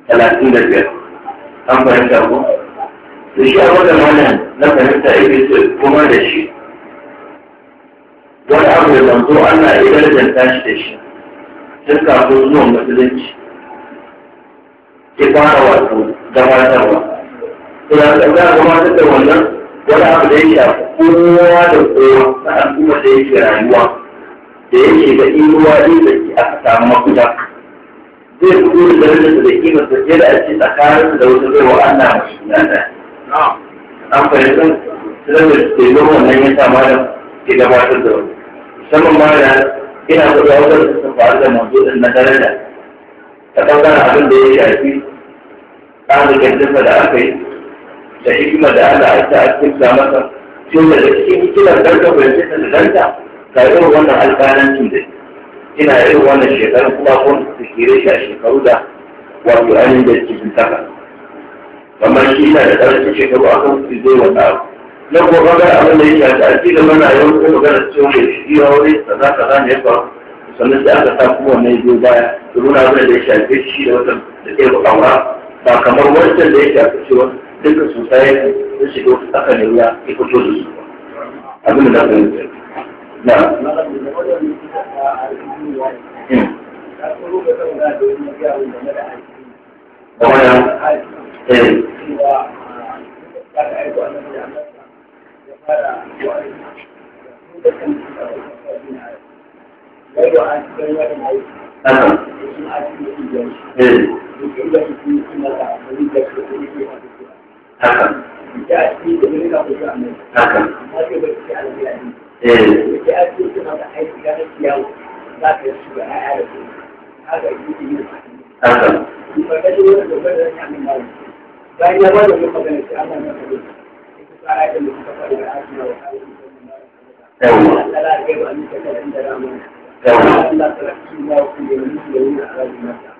talatin da biyar an fahimta ko da shi a wata mana na fahimta ake so kuma da shi wani abu da zanzo Allah iya darjanta shi da shi sun kafu zuwa musulunci ke fara wato gabatarwa. Tunan da za a gabatar da wannan wani abu da ya shafi kowa da kowa na al'umma da yake rayuwa da yake da inuwa ne da ke aka samu mafuta zai fito da su da kima su fiye da ake tsakanin da wata zai wa Allah mai da an fahimta sanar da zama wannan ya sa malam ke gabatar da wani musamman malam ina da rawar da sun faru da mazuɗin na daraja ta ɓangaren abin da ya shafi ɗan da da aka yi da hikima da Allah ya sa a cikin masa sai da da cikin hikimar garga bai sai da danta ka irin wannan alƙalanci da ina irin wannan shekaru kuma su tsire shi a shekaru da wato ainihin da cikin saka kamar shi yana da cikin shekaru a kan su zai wata abu na kuma bagar abin da ya shafi a cikin mana yau ko magana cewa ya shi ya za kaza za ne ba sannan sai aka sa kuma wannan biyu baya da nuna abin da ya shafi shi da wata da ke ba kamar wancan da ya shafi cewa duka society sun shiga wasu tsaka ne ya ya fito da su abin da zai yi na da hmm. wani haka haka eh haka bayan ya bada wani magana sai an zama kare ita tsara da mutu ka faɗi da da da ramana yawwa Allah na ku da mutu da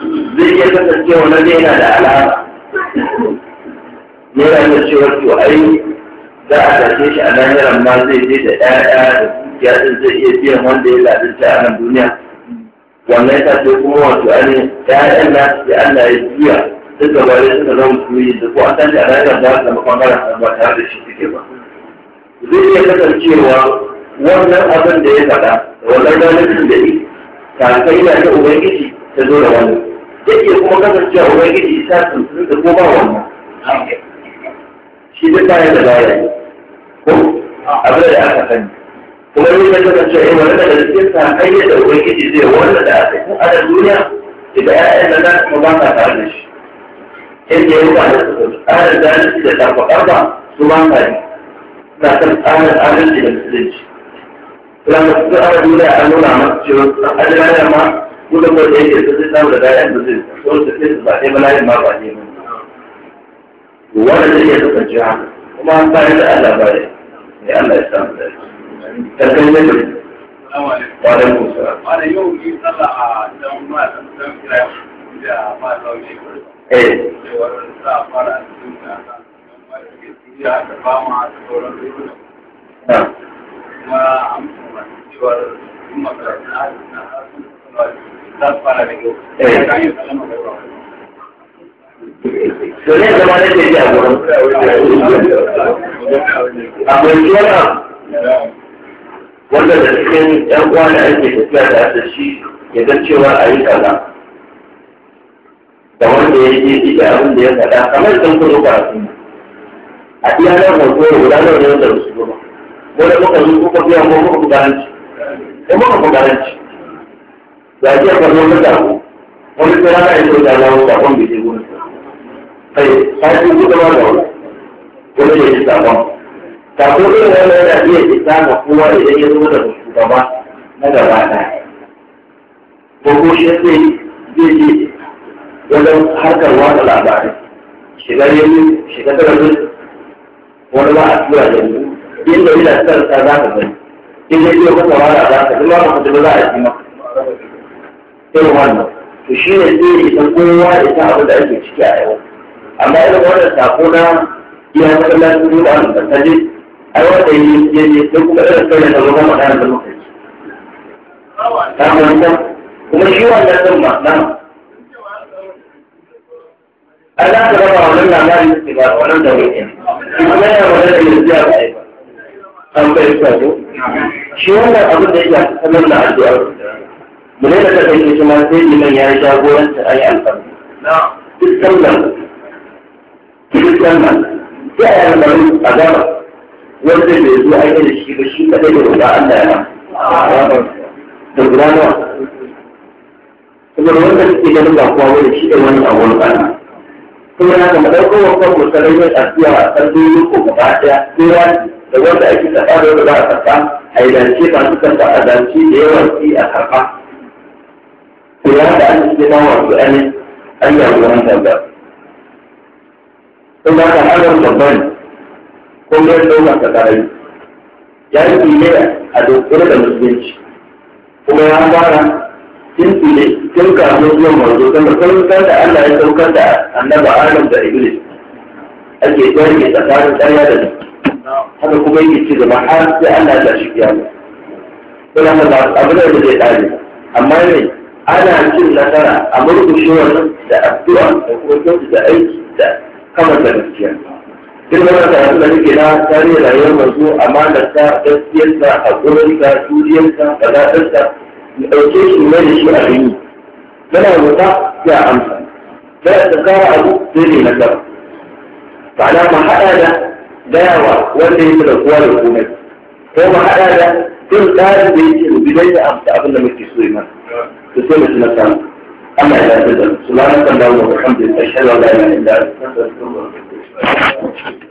zai iya kasance wani yana da alama yana da cewa to ai za a tashe shi a yaran ma zai je da ɗaya da dukiya din zai iya biyan wanda ya ladinta a nan duniya wannan ya ce kuma wato ani ɗaya'yan na sai Allah ya juya duk gaba da suka zama musulmi da ko an tashi a yaran za su zama ɓangaren ba tare da shi suke ba zai iya kasancewa wannan abin da ya faɗa da wannan ganin da yi ta kai da ta ubangiji ta zo da wannan zai iya kuma kasancewa ubangiji ta tuntun da ko ba wannan shi zai bayan da bayan ko abin da aka sani kuma zai ya kasancewa yi wani daga cikin sa hanyar da ubangiji zai wannan da aka yi a da duniya idan ya'yan nan za su ba sa tare da shi yadda ya wuta da su tsarin zalunci da tafaƙar ba su ba sa yi na kan tsarin adalci da musulunci. Kuma masu tsarin duniya an nuna masu cewa an adalci ma kullum wanda yake da zai samu da dayan da zai so da zai ba dai malayin ma ba ne wanda zai iya kasance haka kuma an bayar da Allah ba ne ya Allah ya samu da shi kankan ne bari wa alaikum yau ni sallah a dan ma dan kira da ma zaune eh cewar sa fara cikin ta ya da ba ma sauran rubutu kuma an kuma cewar kuma karatu na suna za su fara da kyau. Eh. to ne zama na ke jiya a wanda da cikin yan uwa da ake tafiya da da shi ya zan cewa a yi kaza da wanda ya je ji da abin da ya faɗa kamar sun kuma karatu a iya nan hoto da gudanar da yadda su goma wanda muka zo kuka biya ko muka fi garanci ko muka fi garanci da ake karɓar na sako wani sai ya kai so da lawo sakon bai je gurin kai sai da wani wani ne ya sakon sako irin wanda yana iya isa ga kowa idan ya zo da shugaba na gaba ɗaya ko shi sai zai wajen harkar watsa labarai shiga yanzu shiga talabijin wani ba a tura yanzu inda a tsarsa za ka gani in ya ce masa wani za ka zama masa da za a yi maka irin wannan to shi ne zai yi dan kowa da ta abin da ake ciki a yau amma irin wannan sako na iya masallacin dole an da a yau da yi ya je sai kuma irin sai da zama magana da muka yi ta wannan kuma shi wannan din ma nan an za ka raba wannan labarin da ke ba wannan da wani kuma yana magana da yanzu ya ba an bai sa shi wannan abin da ya shafi sanar na addu'a mu ne da ta kai shi ma sai liman ya yi jagoranta ayi alfarma duk sallan duk sallan sai ayi alfarma a gaba wanda bai zo aiki da shi ba shi kadai da roƙa Allah ya ba da gudanarwa saboda wanda suke ganin ba kowa wani shi da wani a wani ƙarni kuma na ga madaukar wakon musarai mai tafiya a ƙarni ko gaba ɗaya kowa da wanda ake taɓa da wanda za a taɓa a yi zance ba su taɓa a zance da yawan a karɓa to ya da an cikin dan wasu ainihin an yi ruwan sanda to ba ka hanyar babban ko mai ɗaukar ta ƙarari ya yi ne a dokar da musulunci kuma ya fara tun ne tun kafin zuwan manzo sama sun da Allah ya saukar da annaba Adam da Iblis ake gwarge tsakanin ƙarya da haka kuma yake ci gaba har sai Allah ya tashi kiyama. Kuna ba abu da zai ɗari amma ne ana cin nasara a murkushewar da addu'a da kuma kyautu da aiki da da gaskiya duk wani karatu da nake na tarihin rayuwar manzo amanarsa gaskiyarsa haƙurinsa juriyarsa faɗaɗarsa ya ɗauke shi mai da shi a yi yana roƙa ya amsa da ta kara abu sai ne nasara ma'ana mu haɗa da gayawa wanda ya da kuwa da komai ko mu haɗa da duk tsarin da yake rubi don da amsa abin da muke so yi mana sai mutum na samu Allah ya yarda da su subhanallahi wa bihamdihi ashhadu an la ilaha